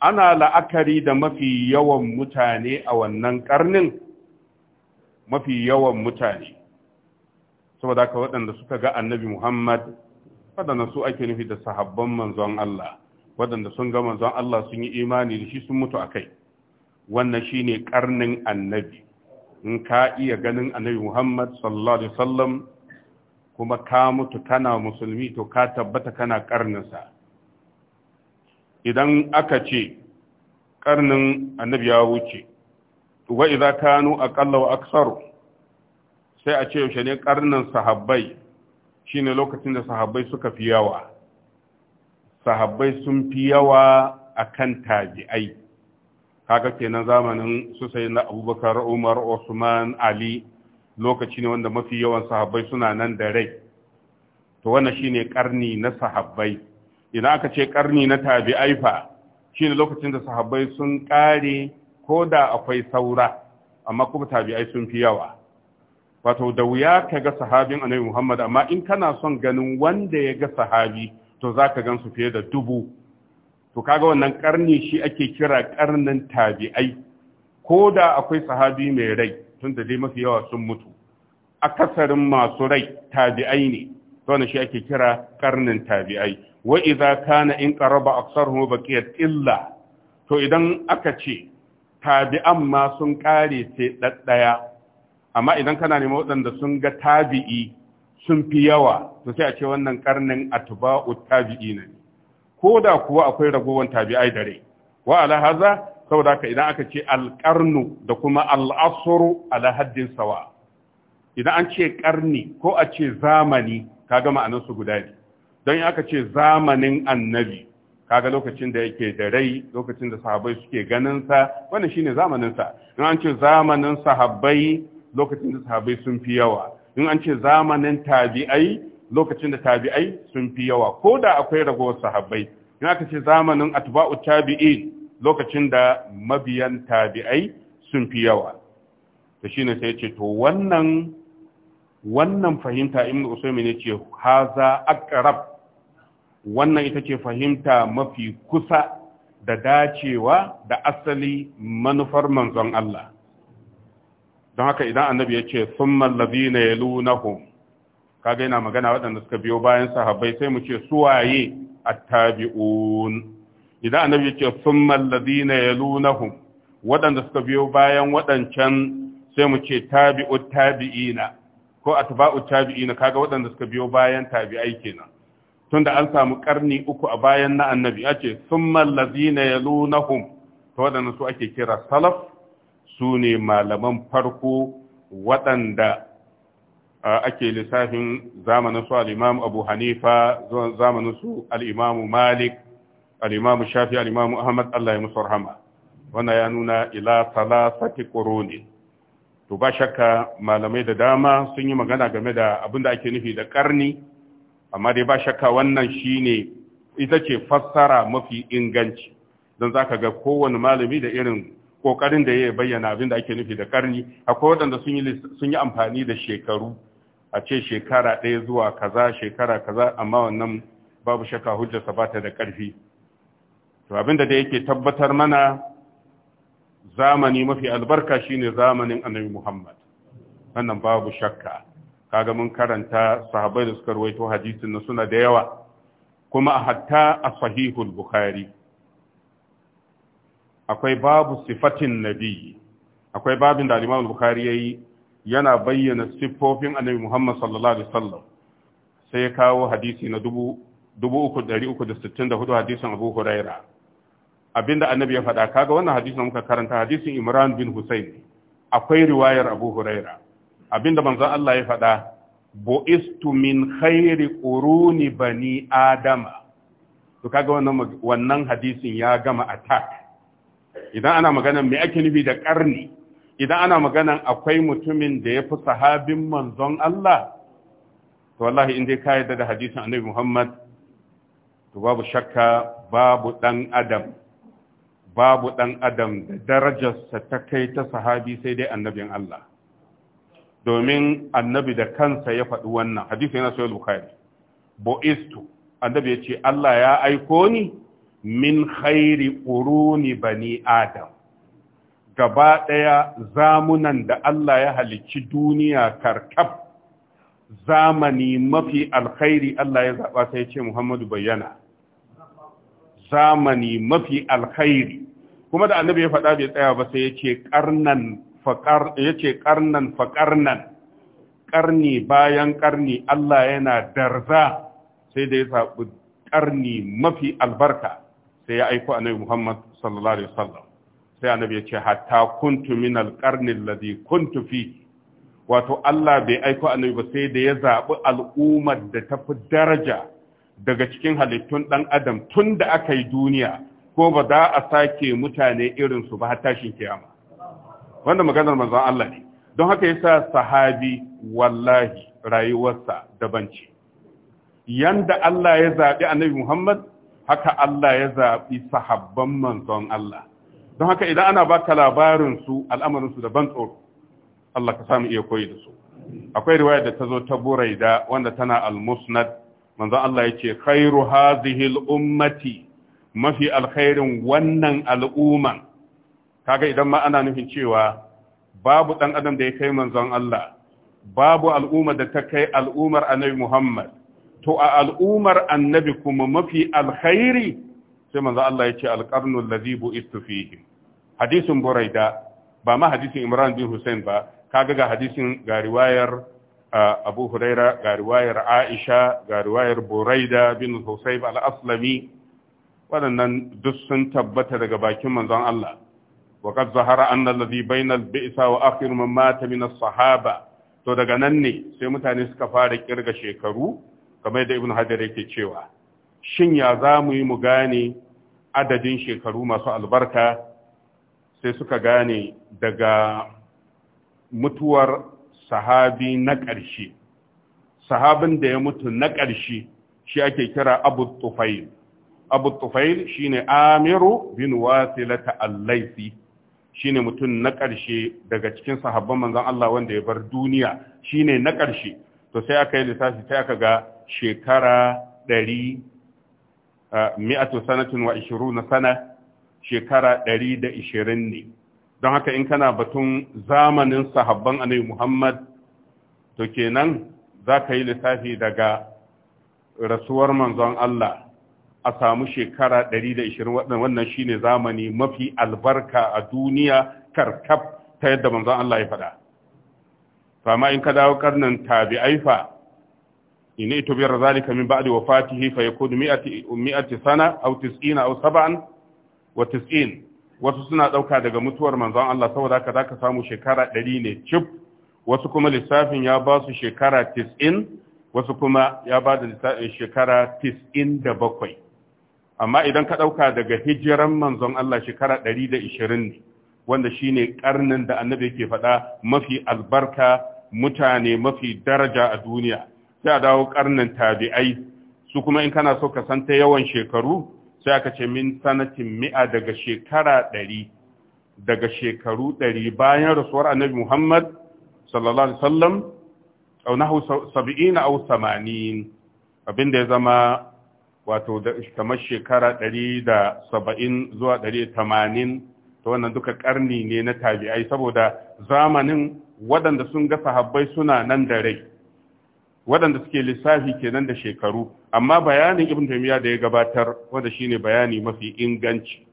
A: ana la'akari da mafi yawan mutane a wannan karnin mafi yawan mutane saboda ka waɗanda suka ga annabi muhammad waɗanda su ake nufi da sahabban manzon Allah waɗanda sun ga manzon Allah sun yi imani da shi sun mutu a kai wannan shi ne ƙarnin annabi in ka iya ganin annabi muhammad sallallahu alaihi wasallam kuma ka mutu kana musulmi to ka tabbata kana ƙarninsa idan aka ce karnin annabi ya wuce wa idza kanu aqalla wa Aksar? sai a ce yaushe ne karnin sahabbai shine lokacin da sahabbai suka fi yawa sahabbai sun fi yawa akan tabi'ai kaga kenan zamanin su sai na Abubakar Umar Usman Ali lokaci ne wanda mafi yawan sahabbai suna nan da rai to wannan shine karni na sahabbai idan aka ce karni na tabi'ai fa ne lokacin da sahabbai sun kare ko da akwai saura amma kuma tabi'ai sun fi yawa wato da wuya ka ga sahabin annabi Muhammad amma in kana son ganin wanda ya ga sahabi to zaka gan su fiye da dubu to kaga wannan karni shi ake kira karnin tabi'ai ko da akwai sahabi mai rai tun da dai mafi yawa sun mutu akasarin masu rai tabi'ai ne to wannan shi ake kira karnin tabi'ai wa idza kana in qaraba aktsaruhu baqiyat illa to idan aka ce tabi'an ma sun kare sai daddaya amma idan kana neman waɗanda sun ga tabi'i sun fi yawa to sai a ce wannan karnin atba'u tabi'i ne ko da kuwa akwai ragowar tabi'ai da wa ala haza saboda haka idan aka ce alƙarnu da kuma al'asuru ala haddin sawa idan an ce ƙarni ko a ce zamani kaga gama su guda ne don aka ce zamanin annabi kaga lokacin da yake da rai lokacin da sahabbai suke ganin sa wannan shine zamanin sa in an ce zamanin sahabbai lokacin da sahabbai sun fi yawa in an ce zamanin tabi'ai lokacin da tabi'ai sun fi yawa ko da akwai ragowar sahabai? in aka ce zamanin atba'u tabi'in lokacin da mabiyan tabi'ai sun fi yawa to shine sai ce to wannan wannan fahimta ibnu usaymin yace haza aqrab wannan ita ce fahimta mafi kusa da dacewa da asali manufar manzon Allah don haka idan annabi ya ce sun mallabi na yalu na kaga yana magana waɗanda suka biyo bayan sahabbai sai mu ce suwaye tabi'un. idan annabi ya ce sun mallabi na yalu na waɗanda suka biyo bayan waɗancan sai mu ce tabi'u tabi'ina ko atba'u tabi'ina kaga waɗanda suka biyo bayan tabi'ai kenan tunda an samu karni uku a bayan na annabi ake summa lazina yalunahum Ta waɗanda su ake kira salaf su ne malaman farko waɗanda ake lissafin zamanin su al'imamu abu hanifa zamanin su al'imamu malik al'imamu shafi al'imamu ahmad allah ya musu rahama wannan ya nuna ila talasati ƙoroni to ba shakka malamai da dama sun yi magana game da abin da ake nufi da ƙarni amma dai ba shakka wannan shine ita ce fassara mafi inganci don za ka ga kowane malami da irin kokarin da ya bayyana abin da ake nufi da karni akwai waɗanda sun yi amfani da shekaru a ce shekara ɗaya zuwa kaza shekara kaza amma wannan babu shakka hujjarsa ba ta da ƙarfi to abin da yake tabbatar mana zamani mafi albarka shine zamanin annabi muhammad wannan babu shakka kaga mun karanta sahabbai da suka ruwaito hadisin na suna da yawa kuma a hatta a sahihul bukhari akwai babu sifatin nabi akwai babin da al-imam bukhari yayi yana bayyana siffofin annabi muhammad sallallahu alaihi wasallam sai ya kawo hadisi na 3364 hadisin abu huraira abinda annabi ya faɗa kaga wannan hadisin muka karanta hadisin imran bin husayn akwai riwayar abu huraira abinda manzon Allah ya faɗa bu'istu min khairi ba bani adama to kaga wannan hadisin ya gama attack idan ana magana me ake nufi da karni idan ana magana akwai mutumin da ya fi sahabin manzon Allah to wallahi in dai ka yarda da hadisin annabi Muhammad to babu shakka babu ɗan adam babu ɗan adam da darajarsa ta kai ta sahabi sai dai annabin Allah domin annabi da kansa ya faɗi wannan hadisi yana sahih bukhari bo'istu annabi ya ce Allah ya aiko ni min khairi quruni bani adam gaba ɗaya zamunan da Allah ya halicci duniya karkab zamani mafi alkhairi Allah ya zaɓa sai ce Muhammadu bayyana zamani mafi alkhairi kuma da annabi ya faɗa bai tsaya ba sai ya ce ƙarnan yace karnan fa karnan karni bayan karni Allah yana darza sai da ya saɓi karni mafi albarka sai ya aiko annabi Muhammad sallallahu alaihi wasallam sai annabi ya ce hatta kuntu min alqarni alladhi kuntu fi wato Allah bai aiko annabi ba sai da ya zaɓi al'ummar da ta fi daraja daga cikin halittun ɗan adam tun da aka yi duniya ko ba za a sake mutane irinsu su ba har tashin kiyama wanda maganar manzon Allah ne don haka yasa sahabi wallahi rayuwarsa daban ce yanda Allah ya zaɓi annabi Muhammad haka Allah ya zaɓi sahabban manzon Allah don haka idan ana baka labarin su al'amarin su daban tsoro Allah ka samu iya koyi da su akwai riwaya da ta zo ta buraida wanda tana al-musnad manzon Allah yace khairu hadhihi al-ummati mafi alkhairin wannan al'umman kaga idan ma ana nufin cewa babu ɗan adam da ya kai manzon Allah babu al'ummar da ta kai al'ummar annabi Muhammad to a al'ummar annabi kuma mafi alkhairi sai manzon Allah ya ce alqarnul ladhi bu'istu fihi hadisin Buraida ba ma hadisin Imran bin Hussein ba kaga ga hadisin ga riwayar Abu Huraira ga riwayar Aisha ga riwayar Buraida bin Husayb al-Aslami waɗannan duk sun tabbata daga bakin manzon Allah وقد ظهر أن الذي بين البئس وآخر من مات من الصحابة to daga nan ne sai mutane suka fara kirga shekaru kamar da ibn hajar yake cewa shin ya za mu yi mu gane adadin shekaru masu albarka sai suka gane daga mutuwar sahabi na ƙarshe sahabin da ya mutu na ƙarshe shi ake kira abu tufail abu tufail shine amiru bin wasilata al-laisi shine mutum na ƙarshe daga cikin sahabban manzon Allah wanda ya bar duniya shine na ƙarshe to sai aka yi lissafi sai aka ga shekara ɗari mi'atu sanatin wa ishiru na sana shekara ɗari da ishirin ne don haka in kana batun zamanin sahabban annabi Muhammad to kenan za ka yi lissafi daga rasuwar manzon Allah a samu shekara 120 wannan shine zamani mafi albarka a duniya karkab ta yadda manzon Allah ya faɗa fama in ka dawo karnin tabi'ai fa in ito biyar zalika min ba'di wafatihi fa yakunu mi'ati mi'ati sana aw 90 aw 70 wa 90 wasu suna ɗauka daga mutuwar manzon Allah saboda haka zaka samu shekara 100 ne cif wasu kuma lissafin ya ba su shekara 90 wasu kuma ya ba da shekara 97 amma idan ka ɗauka daga hijiran manzon Allah shekara 120 ne wanda shine karnin da annabi yake faɗa mafi albarka mutane mafi daraja a duniya sai a dawo karnin tabi'ai su kuma in kana so ka san ta yawan shekaru sai aka ce min sanatin mi'a daga shekara 100 daga shekaru ɗari bayan rasuwar annabi Muhammad sallallahu alaihi wasallam au nahu 70 au 80 abinda ya zama wato kamar shekara 170 zuwa 180 ta wannan duka karni ne na tabi'ai saboda zamanin waɗanda sun ga sahabbai suna nan da rai waɗanda suke lissafi kenan da shekaru amma bayanin ibn taymiya da ya gabatar wanda shine bayani mafi inganci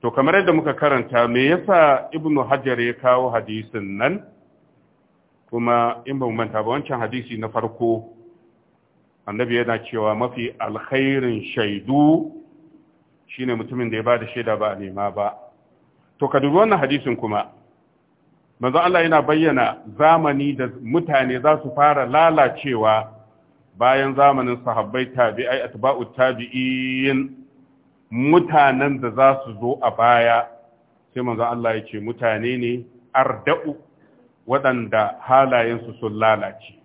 A: to kamar yadda muka karanta me yasa ibn hajar ya kawo hadisin nan kuma in ba manta ba wancan hadisi na farko annabi yana cewa mafi alkhairin shaidu shine mutumin da ya bada shaida ba nema ba to ka wannan hadisin kuma manzo Allah yana bayyana zamani da mutane za su fara lalacewa bayan zamanin sahabbai tabi'ai atba'u tabi'in mutanen da za su zo a baya sai manzo Allah ya ce mutane ne arda'u waɗanda halayensu sun lalace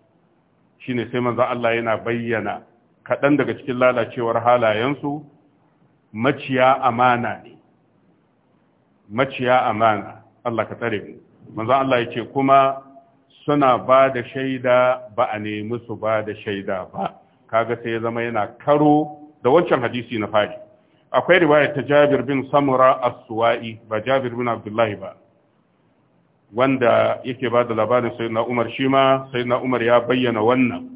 A: shine sai manzo Allah yana bayyana kaɗan daga cikin lalacewar halayensu maciya amana ne maciya amana Allah ka tsare mu manzo Allah yace kuma suna ba da shaida ba a nemi su ba da shaida ba kaga sai ya zama yana karo da wancan hadisi na fari akwai riwaya ta Jabir bin Samura as-Suwa'i ba Jabir bin Abdullah ba wanda yake ba da labarin sai na Umar shi ma sai na Umar ya bayyana wannan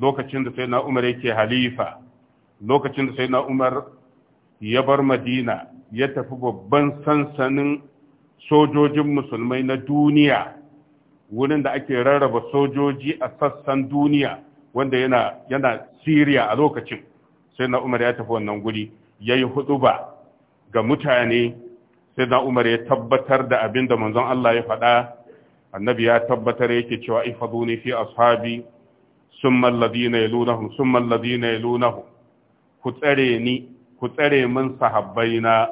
A: lokacin da sai na Umar yake halifa lokacin da sai na Umar ya bar Madina ya tafi babban sansanin sojojin musulmai na duniya wurin da ake rarraba sojoji a sassan duniya wanda yana yana Syria a lokacin sai na Umar ya tafi wannan guri yayi huduba ga mutane sai na umar ya tabbatar da abin da manzon Allah ya faɗa annabi ya tabbatar yake cewa ifaduni fi ashabi summa alladhina yalunahum summa alladhina yalunahum ku tsare ni ku tsare min sahabbaina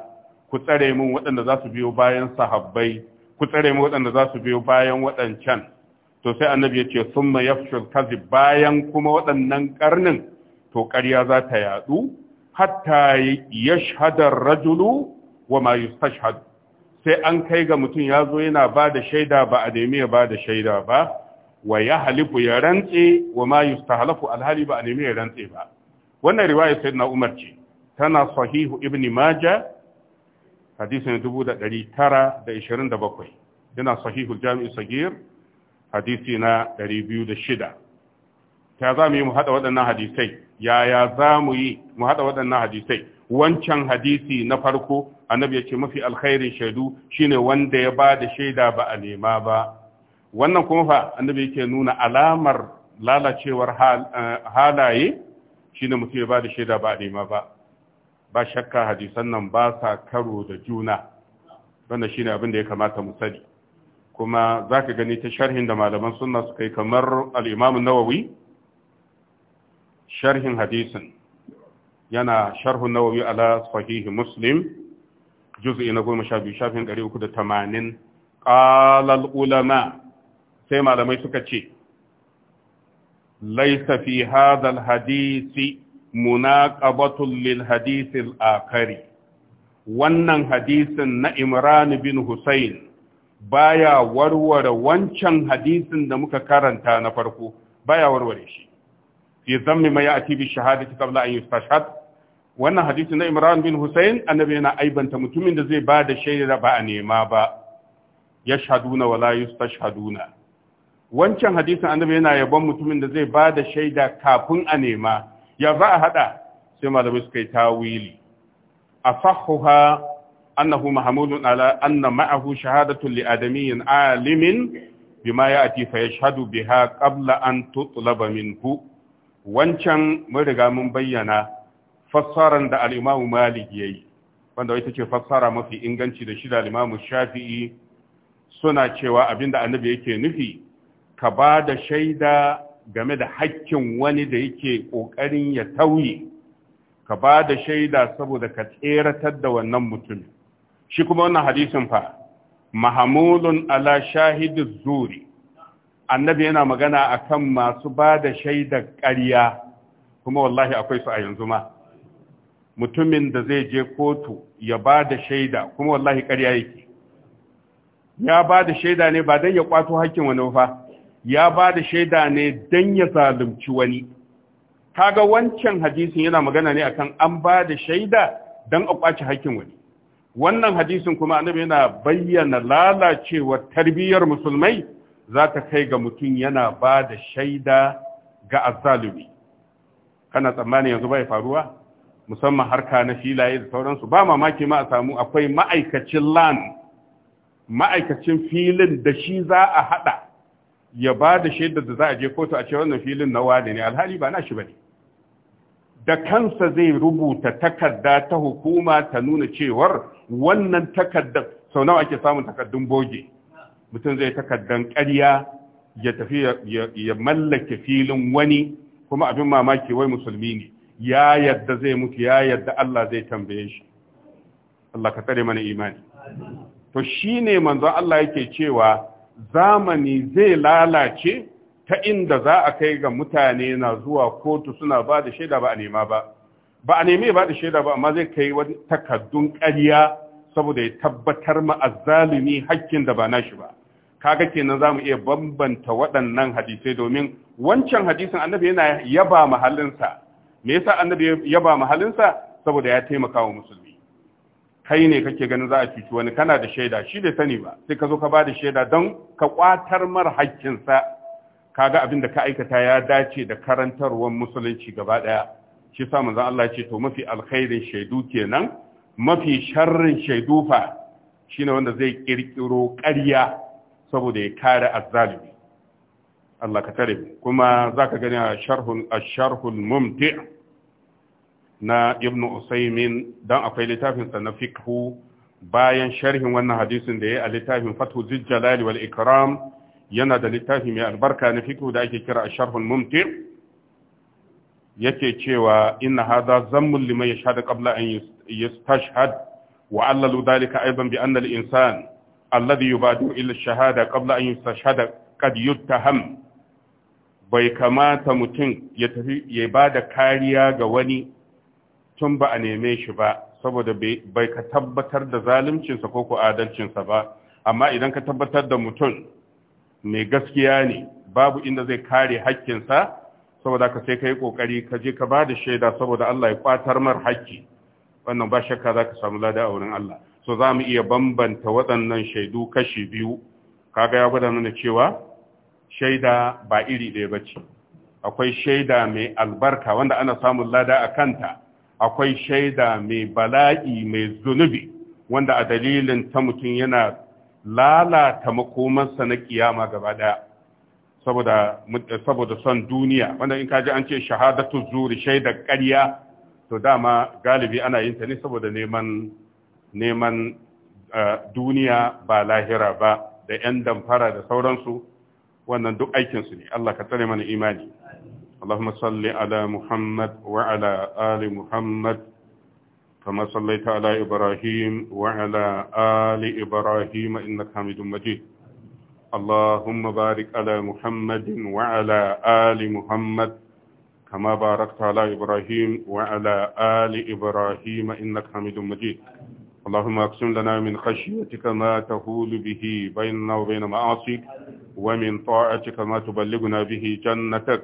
A: ku tsare min waɗanda za su biyo bayan sahabbai ku tsare min waɗanda za su biyo bayan waɗancan to sai annabi ya ce summa yafshul kazi bayan kuma waɗannan karnin to ƙarya za ta yadu hatta yashhadar rajulu wa ma yustashhad sai an kai ga mutum ya zo yana ba da shaida ba a nemi ya ba da shaida ba wa ya halifu ya rantse wa ma yustahlafu alhali ba a nemi ya rantse ba wannan riwaya sayyidina Umar ce tana sahihu ibn maja hadisin 1927 yana sahihu jami'i sagir hadisi na 206 ta za mu yi mu haɗa waɗannan hadisai yaya za mu yi mu haɗa waɗannan hadisai wancan hadisi na farko annabi ya ce mafi alkhairin shaidu shine wanda ya ba da shaida ba a nema ba wannan kuma fa annabi yake nuna alamar lalacewar eh, halaye shine mutum ya ba da shaida ba a nema ba ba shakka hadisan nan ba sa karo da juna wannan shine abin da ya kamata mu sani kuma zaka gani ta sharhin da malaman sunna suka yi kamar al-Imam nawawi sharhin hadisin yana sharhu nawawi ala sahihi muslim juz'i na goma sha biyu shafin ɗari uku da tamanin ƙalal ulama sai malamai suka ce laisa fi hadal hadisi munaqabatul lil hadisil akari wannan hadisin na imran bin husayn baya warware wancan hadisin da muka karanta na farko baya warware shi fi zammi ma ya'ti bi shahadati qabla an yustashhad wannan hadisi na Imran bin Hussein annabi yana aibanta mutumin da zai ba da shaida ba a nema ba yashhaduna wala yustashhaduna wancan hadisin annabi yana yabon mutumin da zai ba da shaida kafin a nema ya za a hada sai malamai suka yi tawili afahuha annahu mahmudun ala anna ma'ahu shahadatun li adamiyyin alimin bima ya'ti fa yashhadu biha qabla an tutlaba minhu wancan mun riga mun bayyana fassaran da al’imamu malik ya yi. wanda ita ce fassara mafi inganci da shi da al’imamu Shafi'i suna cewa abinda annabi yake nufi ka ba da shaida game da hakkin wani da yake ƙoƙarin ya tauye ka ba da shaida saboda ka tseratar da wannan mutumin shi kuma wannan hadisin fa mahamulun ala shahidu zuri annabi yana magana akan masu ba da shaidar ƙarya kuma wallahi akwai su a yanzu ma mutumin da zai je kotu ya ba da shaida kuma wallahi ƙarya yake ya ba da shaida ne ba don ya ƙwato hakkin wani fa ya ba da shaida ne don ya zalunci wani kaga wancan hadisin yana magana ne akan an ba da shaida don a ƙwace hakkin wani wannan hadisin kuma annabi yana bayyana lalacewar tarbiyyar musulmai za ta kai ga mutum yana ba da shaida ga azzalumi kana tsammani yanzu bai faruwa musamman harka na filaye da sauransu ba mamaki ma a samu akwai ma'aikacin lan ma'aikacin filin da shi za a haɗa ya ba da shaida da za a je kotu a ce wannan filin na wane ne alhali ba na shi ba ne da kansa zai rubuta takarda ta hukuma ta nuna cewar wannan takarda sau nawa ake samun takardun boge mutum zai takardan ƙarya ya tafi ya mallake filin wani kuma abin mamaki wai musulmi ne ya yadda zai mutu ya yadda Allah zai tambaye shi Allah ka tsare mana imani to shine manzo Allah yake cewa zamani zai lalace ta inda za a kai ga mutane na zuwa kotu suna ba da shaida ba a nema ba ba a neme ba da shaida ba amma zai kai wani takaddun ƙarya saboda ya tabbatar ma azzalimi hakkin da ba nashi ba kaga kenan zamu iya bambanta waɗannan hadisai domin wancan hadisin annabi yana yaba mahallinsa me yasa annabi ya ba mahalinsa saboda ya taimaka wa musulmi kai ne kake ganin za a cuci wani kana da shaida shi bai sani ba sai ka zo ka ba da shaida don ka kwatar mar sa kaga abin da ka aikata ya dace da karantarwar musulunci gaba ɗaya. shi sa manzon Allah ce to mafi alkhairin shaidu kenan mafi sharrin shaidu fa shine wanda zai kirkiro ƙarya saboda ya kare azzalimi Allah ka tare kuma zaka gani a sharhul mumti' na ibn usaimin don akwai littafinsa na fikhu bayan sharhin wannan hadisin da ya yi a littafin fathu zijjalali wal ikram yana da littafi mai albarka na fikhu da ake kira a sharhun mumtir yake cewa inna hadha zammun liman yashhadu qabla an yastashhad wa allalu dhalika aidan bi anna al insan alladhi yubadu ila shahada qabla an yastashhada qad yuttaham bai kamata mutum ya tafi ya bada kariya ga wani tun ba a neme shi ba saboda bai ka tabbatar da zaluncinsa ko ku adalcinsa ba amma idan ka tabbatar da mutum mai gaskiya ne babu inda zai kare hakkinsa saboda ka sai ka yi ƙoƙari ka je ka ba da shaida saboda Allah ya kwatar mar haƙƙi. wannan ba shakka za ka samu lada a wurin Allah so za mu iya bambanta waɗannan shaidu kashi biyu kaga ya gwada mana cewa shaida ba iri ɗaya ba ce akwai shaida mai albarka wanda ana samun lada a kanta akwai shaida mai bala'i mai zunubi wanda a dalilin ta mutum yana lalata makomansa na kiyama gaba daya saboda saboda son duniya wanda in kaji an ce shahadatu zuri shaida ƙarya to dama galibi ana yin ta ne saboda neman neman duniya ba lahira ba da 'yan damfara da sauransu wannan duk aikinsu ne Allah ka tsare mana imani اللهم صل على محمد وعلى آل محمد كما صليت على إبراهيم وعلى آل إبراهيم إنك حميد مجيد اللهم بارك على محمد وعلى آل محمد كما باركت على إبراهيم وعلى آل إبراهيم إنك حميد مجيد اللهم اقسم لنا من خشيتك ما تهول به بيننا وبين معاصيك ومن طاعتك ما تبلغنا به جنتك